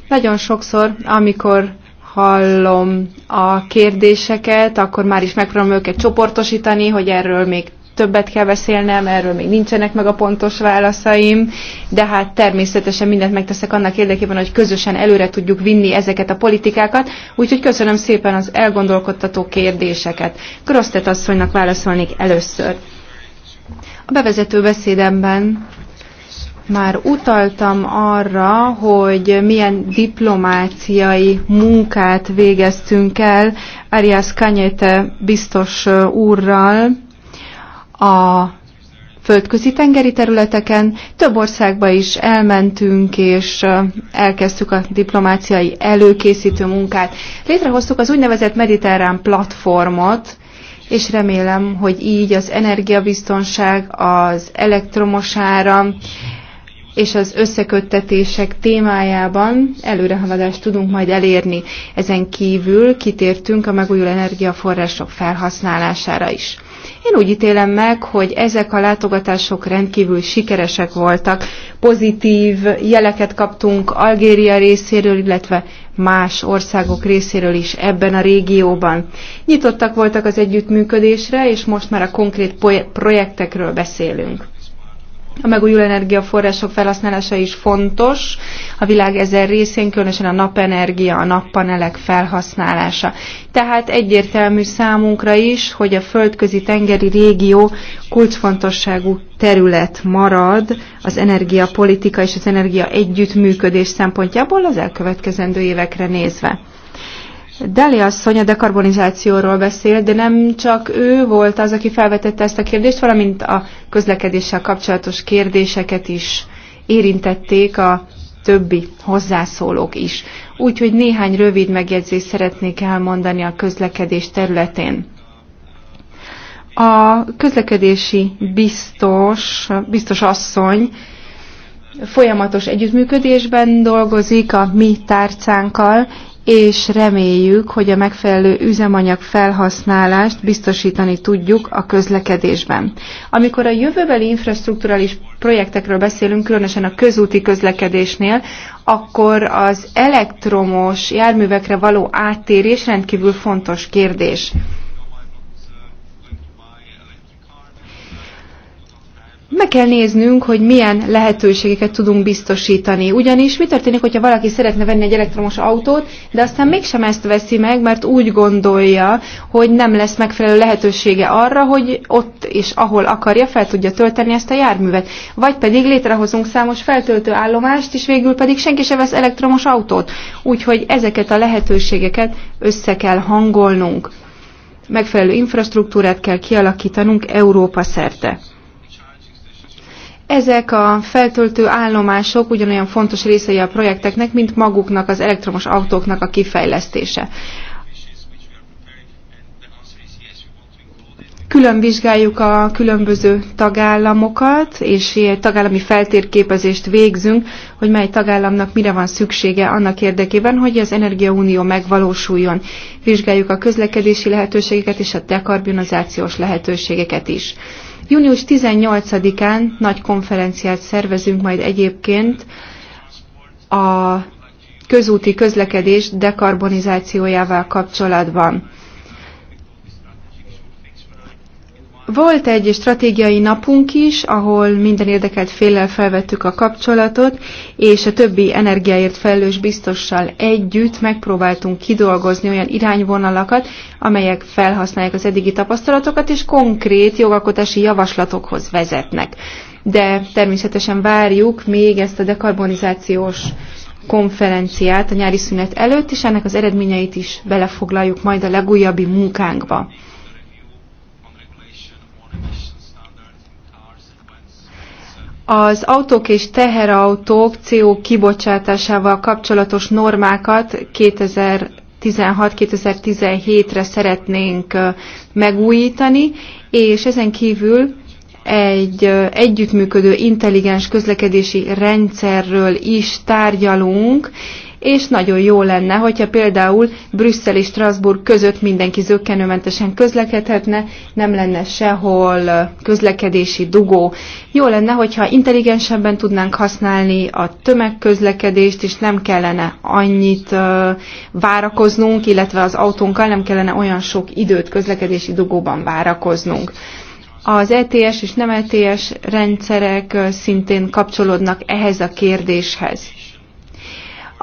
Nagyon sokszor, amikor hallom a kérdéseket, akkor már is megpróbálom őket csoportosítani, hogy erről még többet kell beszélnem, erről még nincsenek meg a pontos válaszaim, de hát természetesen mindent megteszek annak érdekében, hogy közösen előre tudjuk vinni ezeket a politikákat, úgyhogy köszönöm szépen az elgondolkodtató kérdéseket. Krosztet asszonynak válaszolnék először. A bevezető beszédemben már utaltam arra, hogy milyen diplomáciai munkát végeztünk el Arias Kanyete biztos úrral a földközi tengeri területeken. Több országba is elmentünk, és elkezdtük a diplomáciai előkészítő munkát. Létrehoztuk az úgynevezett mediterrán platformot, és remélem, hogy így az energiabiztonság, az elektromos áram, és az összeköttetések témájában előrehaladást tudunk majd elérni. Ezen kívül kitértünk a megújuló energiaforrások felhasználására is. Én úgy ítélem meg, hogy ezek a látogatások rendkívül sikeresek voltak. Pozitív jeleket kaptunk Algéria részéről, illetve más országok részéről is ebben a régióban. Nyitottak voltak az együttműködésre, és most már a konkrét projektekről beszélünk. A megújuló energiaforrások felhasználása is fontos a világ ezer részén, különösen a napenergia, a nappanelek felhasználása. Tehát egyértelmű számunkra is, hogy a földközi tengeri régió kulcsfontosságú terület marad az energiapolitika és az energia együttműködés szempontjából az elkövetkezendő évekre nézve. Deli asszony a dekarbonizációról beszélt, de nem csak ő volt az, aki felvetette ezt a kérdést, valamint a közlekedéssel kapcsolatos kérdéseket is érintették a többi hozzászólók is. Úgyhogy néhány rövid megjegyzést szeretnék elmondani a közlekedés területén. A közlekedési biztos, biztos asszony folyamatos együttműködésben dolgozik a mi tárcánkkal, és reméljük, hogy a megfelelő üzemanyag felhasználást biztosítani tudjuk a közlekedésben. Amikor a jövőbeli infrastruktúrális projektekről beszélünk, különösen a közúti közlekedésnél, akkor az elektromos járművekre való áttérés rendkívül fontos kérdés. meg kell néznünk, hogy milyen lehetőségeket tudunk biztosítani. Ugyanis mi történik, hogyha valaki szeretne venni egy elektromos autót, de aztán mégsem ezt veszi meg, mert úgy gondolja, hogy nem lesz megfelelő lehetősége arra, hogy ott és ahol akarja, fel tudja tölteni ezt a járművet. Vagy pedig létrehozunk számos feltöltő állomást, és végül pedig senki sem vesz elektromos autót. Úgyhogy ezeket a lehetőségeket össze kell hangolnunk. Megfelelő infrastruktúrát kell kialakítanunk Európa szerte. Ezek a feltöltő állomások ugyanolyan fontos részei a projekteknek, mint maguknak az elektromos autóknak a kifejlesztése. Külön vizsgáljuk a különböző tagállamokat, és tagállami feltérképezést végzünk, hogy mely tagállamnak mire van szüksége annak érdekében, hogy az Energiaunió megvalósuljon. Vizsgáljuk a közlekedési lehetőségeket és a dekarbonizációs lehetőségeket is. Június 18-án nagy konferenciát szervezünk majd egyébként a közúti közlekedés dekarbonizációjával kapcsolatban. Volt egy stratégiai napunk is, ahol minden érdekelt féllel felvettük a kapcsolatot, és a többi energiáért felelős biztossal együtt megpróbáltunk kidolgozni olyan irányvonalakat, amelyek felhasználják az eddigi tapasztalatokat, és konkrét jogalkotási javaslatokhoz vezetnek. De természetesen várjuk még ezt a dekarbonizációs konferenciát a nyári szünet előtt, és ennek az eredményeit is belefoglaljuk majd a legújabbi munkánkba az autók és teherautók CO kibocsátásával kapcsolatos normákat 2016-2017-re szeretnénk megújítani, és ezen kívül egy együttműködő intelligens közlekedési rendszerről is tárgyalunk, és nagyon jó lenne, hogyha például Brüsszel és Strasbourg között mindenki zöggenőmentesen közlekedhetne, nem lenne sehol közlekedési dugó. Jó lenne, hogyha intelligensebben tudnánk használni a tömegközlekedést, és nem kellene annyit várakoznunk, illetve az autónkkal nem kellene olyan sok időt közlekedési dugóban várakoznunk. Az ETS és nem ETS rendszerek szintén kapcsolódnak ehhez a kérdéshez.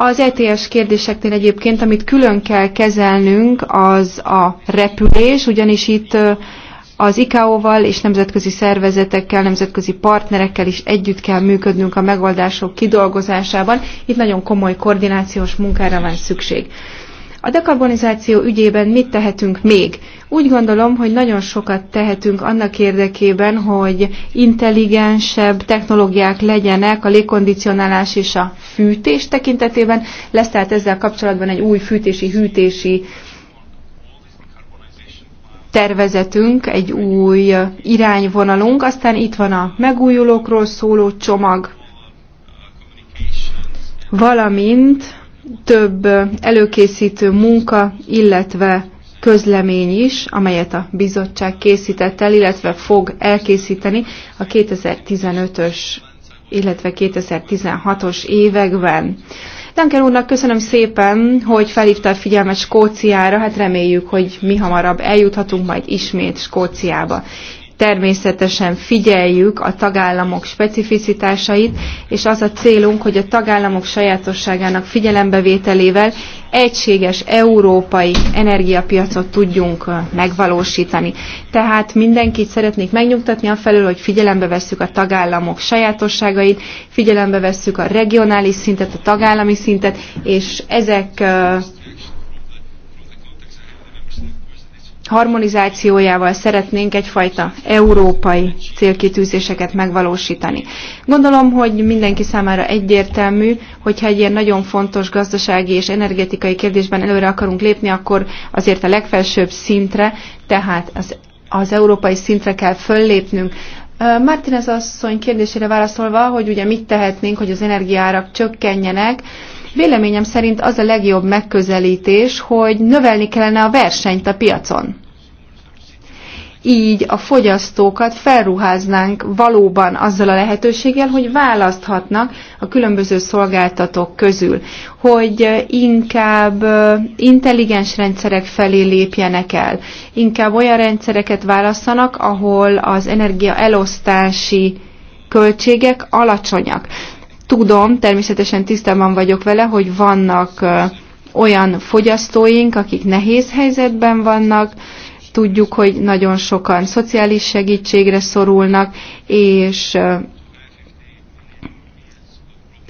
Az ETS kérdéseknél egyébként, amit külön kell kezelnünk, az a repülés, ugyanis itt az ICAO-val és nemzetközi szervezetekkel, nemzetközi partnerekkel is együtt kell működnünk a megoldások kidolgozásában. Itt nagyon komoly koordinációs munkára van szükség. A dekarbonizáció ügyében mit tehetünk még? Úgy gondolom, hogy nagyon sokat tehetünk annak érdekében, hogy intelligensebb technológiák legyenek a légkondicionálás és a fűtés tekintetében. Lesz tehát ezzel kapcsolatban egy új fűtési-hűtési tervezetünk, egy új irányvonalunk. Aztán itt van a megújulókról szóló csomag, valamint több előkészítő munka, illetve közlemény is, amelyet a bizottság készített el, illetve fog elkészíteni a 2015-ös, illetve 2016-os években. Duncan úrnak köszönöm szépen, hogy felhívta a figyelmet Skóciára, hát reméljük, hogy mi hamarabb eljuthatunk majd ismét Skóciába. Természetesen figyeljük a tagállamok specificitásait, és az a célunk, hogy a tagállamok sajátosságának figyelembevételével egységes európai energiapiacot tudjunk megvalósítani. Tehát mindenkit szeretnék megnyugtatni a felül, hogy figyelembe vesszük a tagállamok sajátosságait, figyelembe vesszük a regionális szintet, a tagállami szintet, és ezek harmonizációjával szeretnénk egyfajta európai célkitűzéseket megvalósítani. Gondolom, hogy mindenki számára egyértelmű, hogyha egy ilyen nagyon fontos gazdasági és energetikai kérdésben előre akarunk lépni, akkor azért a legfelsőbb szintre, tehát az, az európai szintre kell föllépnünk. Martinez asszony kérdésére válaszolva, hogy ugye mit tehetnénk, hogy az energiárak csökkenjenek, Véleményem szerint az a legjobb megközelítés, hogy növelni kellene a versenyt a piacon. Így a fogyasztókat felruháznánk valóban azzal a lehetőséggel, hogy választhatnak a különböző szolgáltatók közül, hogy inkább intelligens rendszerek felé lépjenek el, inkább olyan rendszereket választanak, ahol az energia elosztási költségek alacsonyak. Tudom, természetesen tisztában vagyok vele, hogy vannak olyan fogyasztóink, akik nehéz helyzetben vannak, tudjuk, hogy nagyon sokan szociális segítségre szorulnak, és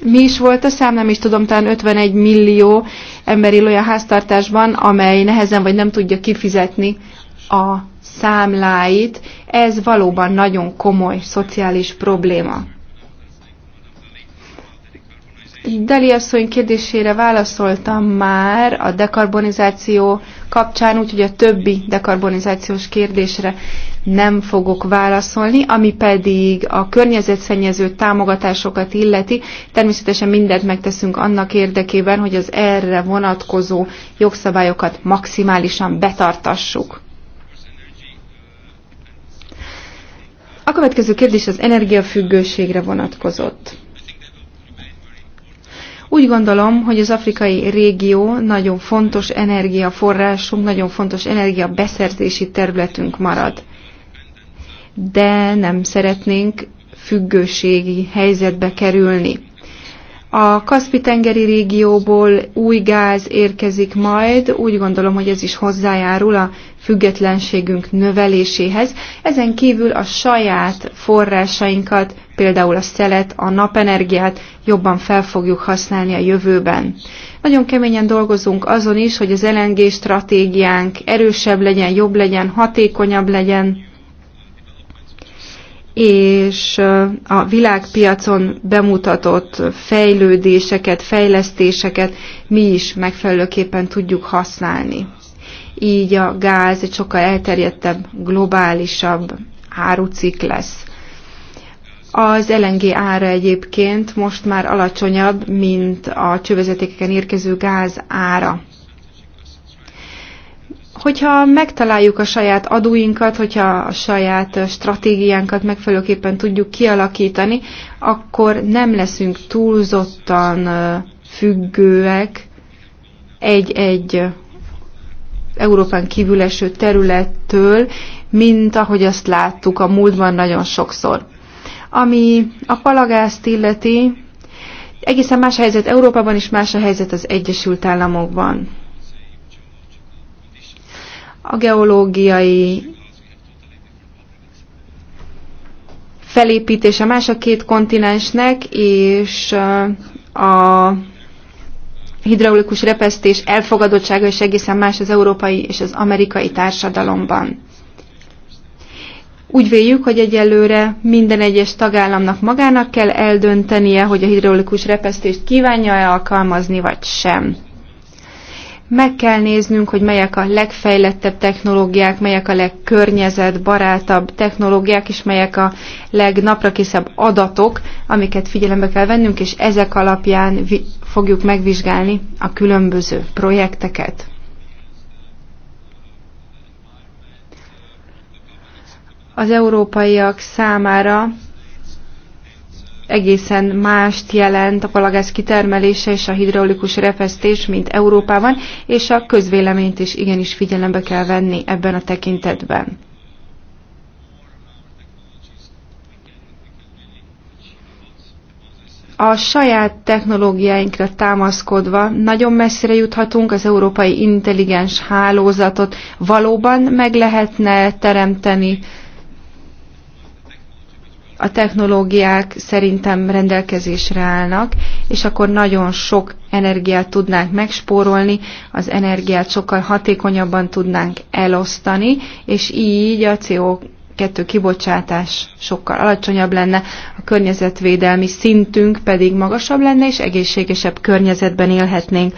mi is volt a szám, nem is tudom, talán 51 millió ember él olyan háztartásban, amely nehezen vagy nem tudja kifizetni a számláit. Ez valóban nagyon komoly szociális probléma. Így Dali asszony kérdésére válaszoltam már a dekarbonizáció kapcsán, úgyhogy a többi dekarbonizációs kérdésre nem fogok válaszolni, ami pedig a környezetszennyező támogatásokat illeti. Természetesen mindent megteszünk annak érdekében, hogy az erre vonatkozó jogszabályokat maximálisan betartassuk. A következő kérdés az energiafüggőségre vonatkozott. Úgy gondolom, hogy az afrikai régió nagyon fontos energiaforrásunk, nagyon fontos energiabeszerzési területünk marad. De nem szeretnénk függőségi helyzetbe kerülni. A Kaszpi-tengeri régióból új gáz érkezik majd, úgy gondolom, hogy ez is hozzájárul a függetlenségünk növeléséhez. Ezen kívül a saját forrásainkat, például a szelet, a napenergiát jobban fel fogjuk használni a jövőben. Nagyon keményen dolgozunk azon is, hogy az LNG stratégiánk erősebb legyen, jobb legyen, hatékonyabb legyen, és a világpiacon bemutatott fejlődéseket, fejlesztéseket mi is megfelelőképpen tudjuk használni így a gáz egy sokkal elterjedtebb, globálisabb árucik lesz. Az LNG ára egyébként most már alacsonyabb, mint a csővezetékeken érkező gáz ára. Hogyha megtaláljuk a saját adóinkat, hogyha a saját stratégiánkat megfelelőképpen tudjuk kialakítani, akkor nem leszünk túlzottan függőek egy-egy Európán kívül eső területtől, mint ahogy azt láttuk a múltban nagyon sokszor. Ami a palagázt illeti, egészen más a helyzet Európában, és más a helyzet az Egyesült Államokban. A geológiai felépítése más a két kontinensnek, és a hidraulikus repesztés elfogadottsága is egészen más az európai és az amerikai társadalomban. Úgy véljük, hogy egyelőre minden egyes tagállamnak magának kell eldöntenie, hogy a hidraulikus repesztést kívánja-e alkalmazni, vagy sem. Meg kell néznünk, hogy melyek a legfejlettebb technológiák, melyek a legkörnyezetbarátabb technológiák, és melyek a legnaprakészebb adatok, amiket figyelembe kell vennünk, és ezek alapján fogjuk megvizsgálni a különböző projekteket. Az európaiak számára egészen mást jelent a palagáz kitermelése és a hidraulikus refesztés, mint Európában, és a közvéleményt is igenis figyelembe kell venni ebben a tekintetben. A saját technológiáinkra támaszkodva nagyon messzire juthatunk, az európai intelligens hálózatot valóban meg lehetne teremteni, a technológiák szerintem rendelkezésre állnak, és akkor nagyon sok energiát tudnánk megspórolni, az energiát sokkal hatékonyabban tudnánk elosztani, és így a CO kettő kibocsátás sokkal alacsonyabb lenne, a környezetvédelmi szintünk pedig magasabb lenne, és egészségesebb környezetben élhetnénk.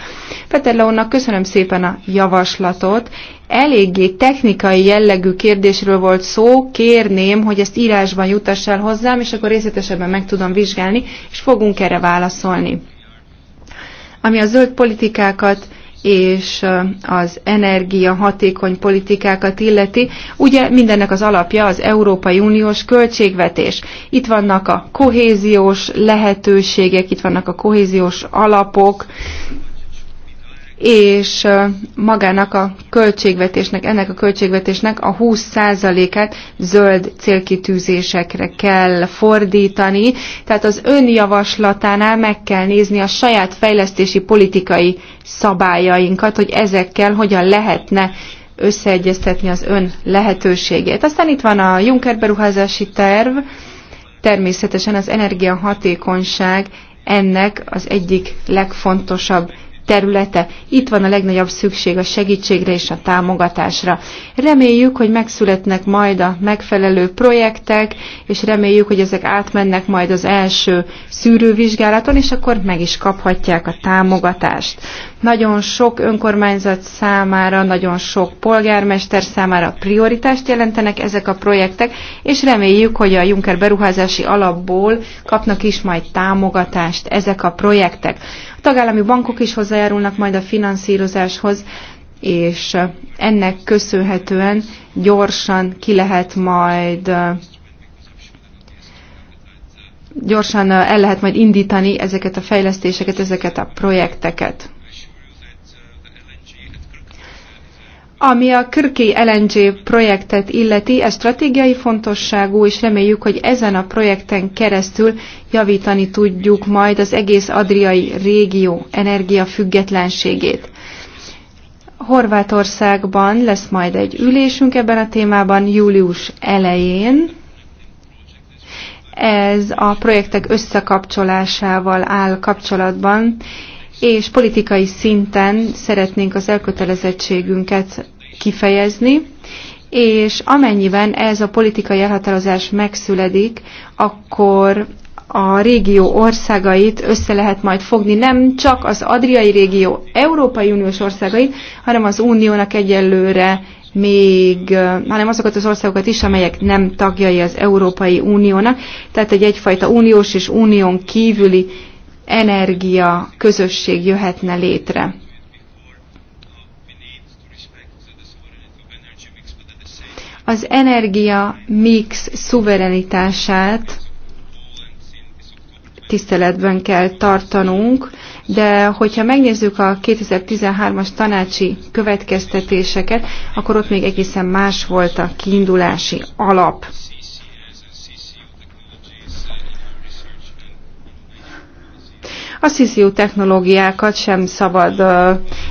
Peter Leónak köszönöm szépen a javaslatot. Eléggé technikai jellegű kérdésről volt szó, kérném, hogy ezt írásban jutass el hozzám, és akkor részletesebben meg tudom vizsgálni, és fogunk erre válaszolni. Ami a zöld politikákat és az energia hatékony politikákat illeti. Ugye mindennek az alapja az Európai Uniós költségvetés. Itt vannak a kohéziós lehetőségek, itt vannak a kohéziós alapok, és magának a költségvetésnek, ennek a költségvetésnek a 20%-át zöld célkitűzésekre kell fordítani. Tehát az önjavaslatánál meg kell nézni a saját fejlesztési politikai szabályainkat, hogy ezekkel hogyan lehetne összeegyeztetni az ön lehetőségét. Aztán itt van a Juncker beruházási terv, természetesen az energiahatékonyság ennek az egyik legfontosabb területe. Itt van a legnagyobb szükség a segítségre és a támogatásra. Reméljük, hogy megszületnek majd a megfelelő projektek, és reméljük, hogy ezek átmennek majd az első szűrővizsgálaton, és akkor meg is kaphatják a támogatást. Nagyon sok önkormányzat számára, nagyon sok polgármester számára prioritást jelentenek ezek a projektek, és reméljük, hogy a Juncker beruházási alapból kapnak is majd támogatást ezek a projektek. A tagállami bankok is hozzájárulnak majd a finanszírozáshoz, és ennek köszönhetően gyorsan ki lehet majd gyorsan el lehet majd indítani ezeket a fejlesztéseket, ezeket a projekteket. Ami a Körki LNG projektet illeti, ez stratégiai fontosságú, és reméljük, hogy ezen a projekten keresztül javítani tudjuk majd az egész adriai régió energiafüggetlenségét. Horvátországban lesz majd egy ülésünk ebben a témában július elején. Ez a projektek összekapcsolásával áll kapcsolatban, és politikai szinten szeretnénk az elkötelezettségünket kifejezni, és amennyiben ez a politikai elhatározás megszüledik, akkor a régió országait össze lehet majd fogni, nem csak az adriai régió Európai Uniós országait, hanem az uniónak egyelőre még, hanem azokat az országokat is, amelyek nem tagjai az Európai Uniónak, tehát egy egyfajta uniós és unión kívüli energia közösség jöhetne létre. Az energia mix szuverenitását tiszteletben kell tartanunk, de hogyha megnézzük a 2013-as tanácsi következtetéseket, akkor ott még egészen más volt a kiindulási alap. A CCU technológiákat sem szabad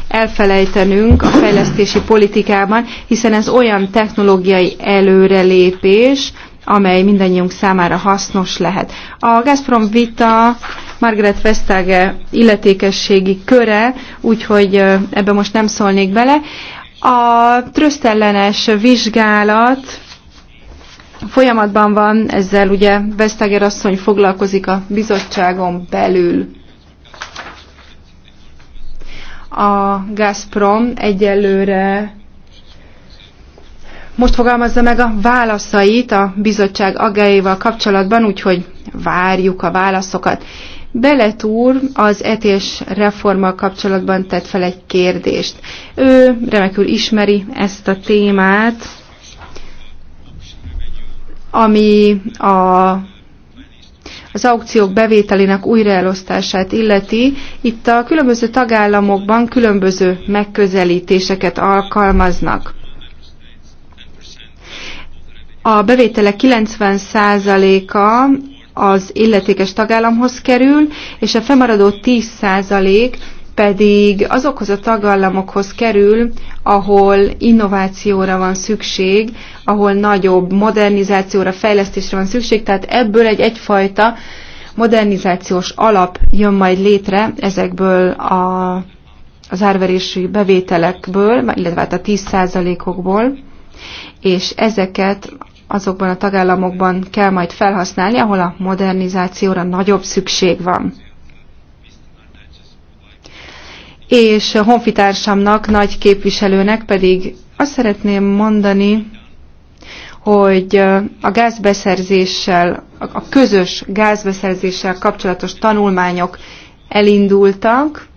elfelejtenünk a fejlesztési politikában, hiszen ez olyan technológiai előrelépés, amely mindannyiunk számára hasznos lehet. A Gazprom vita Margaret Vestage illetékességi köre, úgyhogy ebbe most nem szólnék bele. A trösztellenes vizsgálat folyamatban van, ezzel ugye Vestager asszony foglalkozik a bizottságon belül. A Gazprom egyelőre most fogalmazza meg a válaszait a bizottság aggájaival kapcsolatban, úgyhogy várjuk a válaszokat. Belet úr az etés reformmal kapcsolatban tett fel egy kérdést. Ő remekül ismeri ezt a témát, ami a az aukciók bevételének újraelosztását illeti, itt a különböző tagállamokban különböző megközelítéseket alkalmaznak. A bevétele 90%-a az illetékes tagállamhoz kerül, és a fennmaradó 10% pedig azokhoz a tagállamokhoz kerül, ahol innovációra van szükség, ahol nagyobb modernizációra, fejlesztésre van szükség, tehát ebből egy egyfajta modernizációs alap jön majd létre ezekből a, az árverési bevételekből, illetve hát a 10%-okból, és ezeket azokban a tagállamokban kell majd felhasználni, ahol a modernizációra nagyobb szükség van és honfitársamnak, nagy képviselőnek pedig azt szeretném mondani, hogy a gázbeszerzéssel, a közös gázbeszerzéssel kapcsolatos tanulmányok elindultak,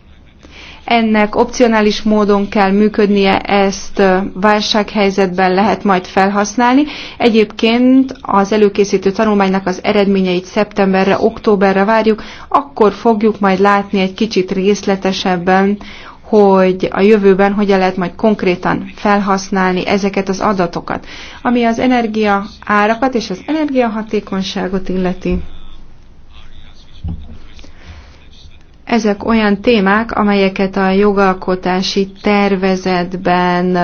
ennek opcionális módon kell működnie, ezt válsághelyzetben lehet majd felhasználni. Egyébként az előkészítő tanulmánynak az eredményeit szeptemberre, októberre várjuk, akkor fogjuk majd látni egy kicsit részletesebben, hogy a jövőben hogyan lehet majd konkrétan felhasználni ezeket az adatokat, ami az energia árakat és az energiahatékonyságot illeti. Ezek olyan témák, amelyeket a jogalkotási tervezetben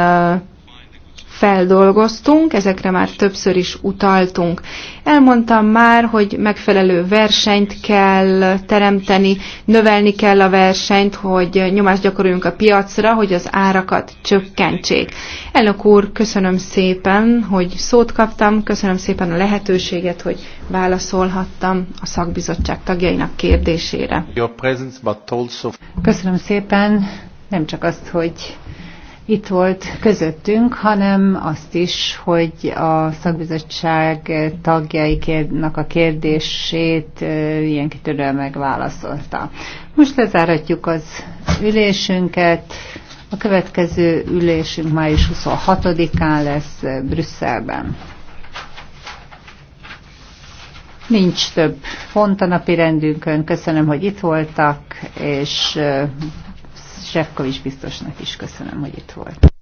feldolgoztunk, ezekre már többször is utaltunk. Elmondtam már, hogy megfelelő versenyt kell teremteni, növelni kell a versenyt, hogy nyomást gyakoroljunk a piacra, hogy az árakat csökkentsék. Elnök úr, köszönöm szépen, hogy szót kaptam, köszönöm szépen a lehetőséget, hogy válaszolhattam a szakbizottság tagjainak kérdésére. Köszönöm szépen, nem csak azt, hogy itt volt közöttünk, hanem azt is, hogy a szakbizottság tagjaiknak a kérdését ilyen kitörően megválaszolta. Most lezáratjuk az ülésünket. A következő ülésünk május 26-án lesz Brüsszelben. Nincs több font a napi rendünkön. Köszönöm, hogy itt voltak, és Sefkovics biztosnak is köszönöm, hogy itt volt.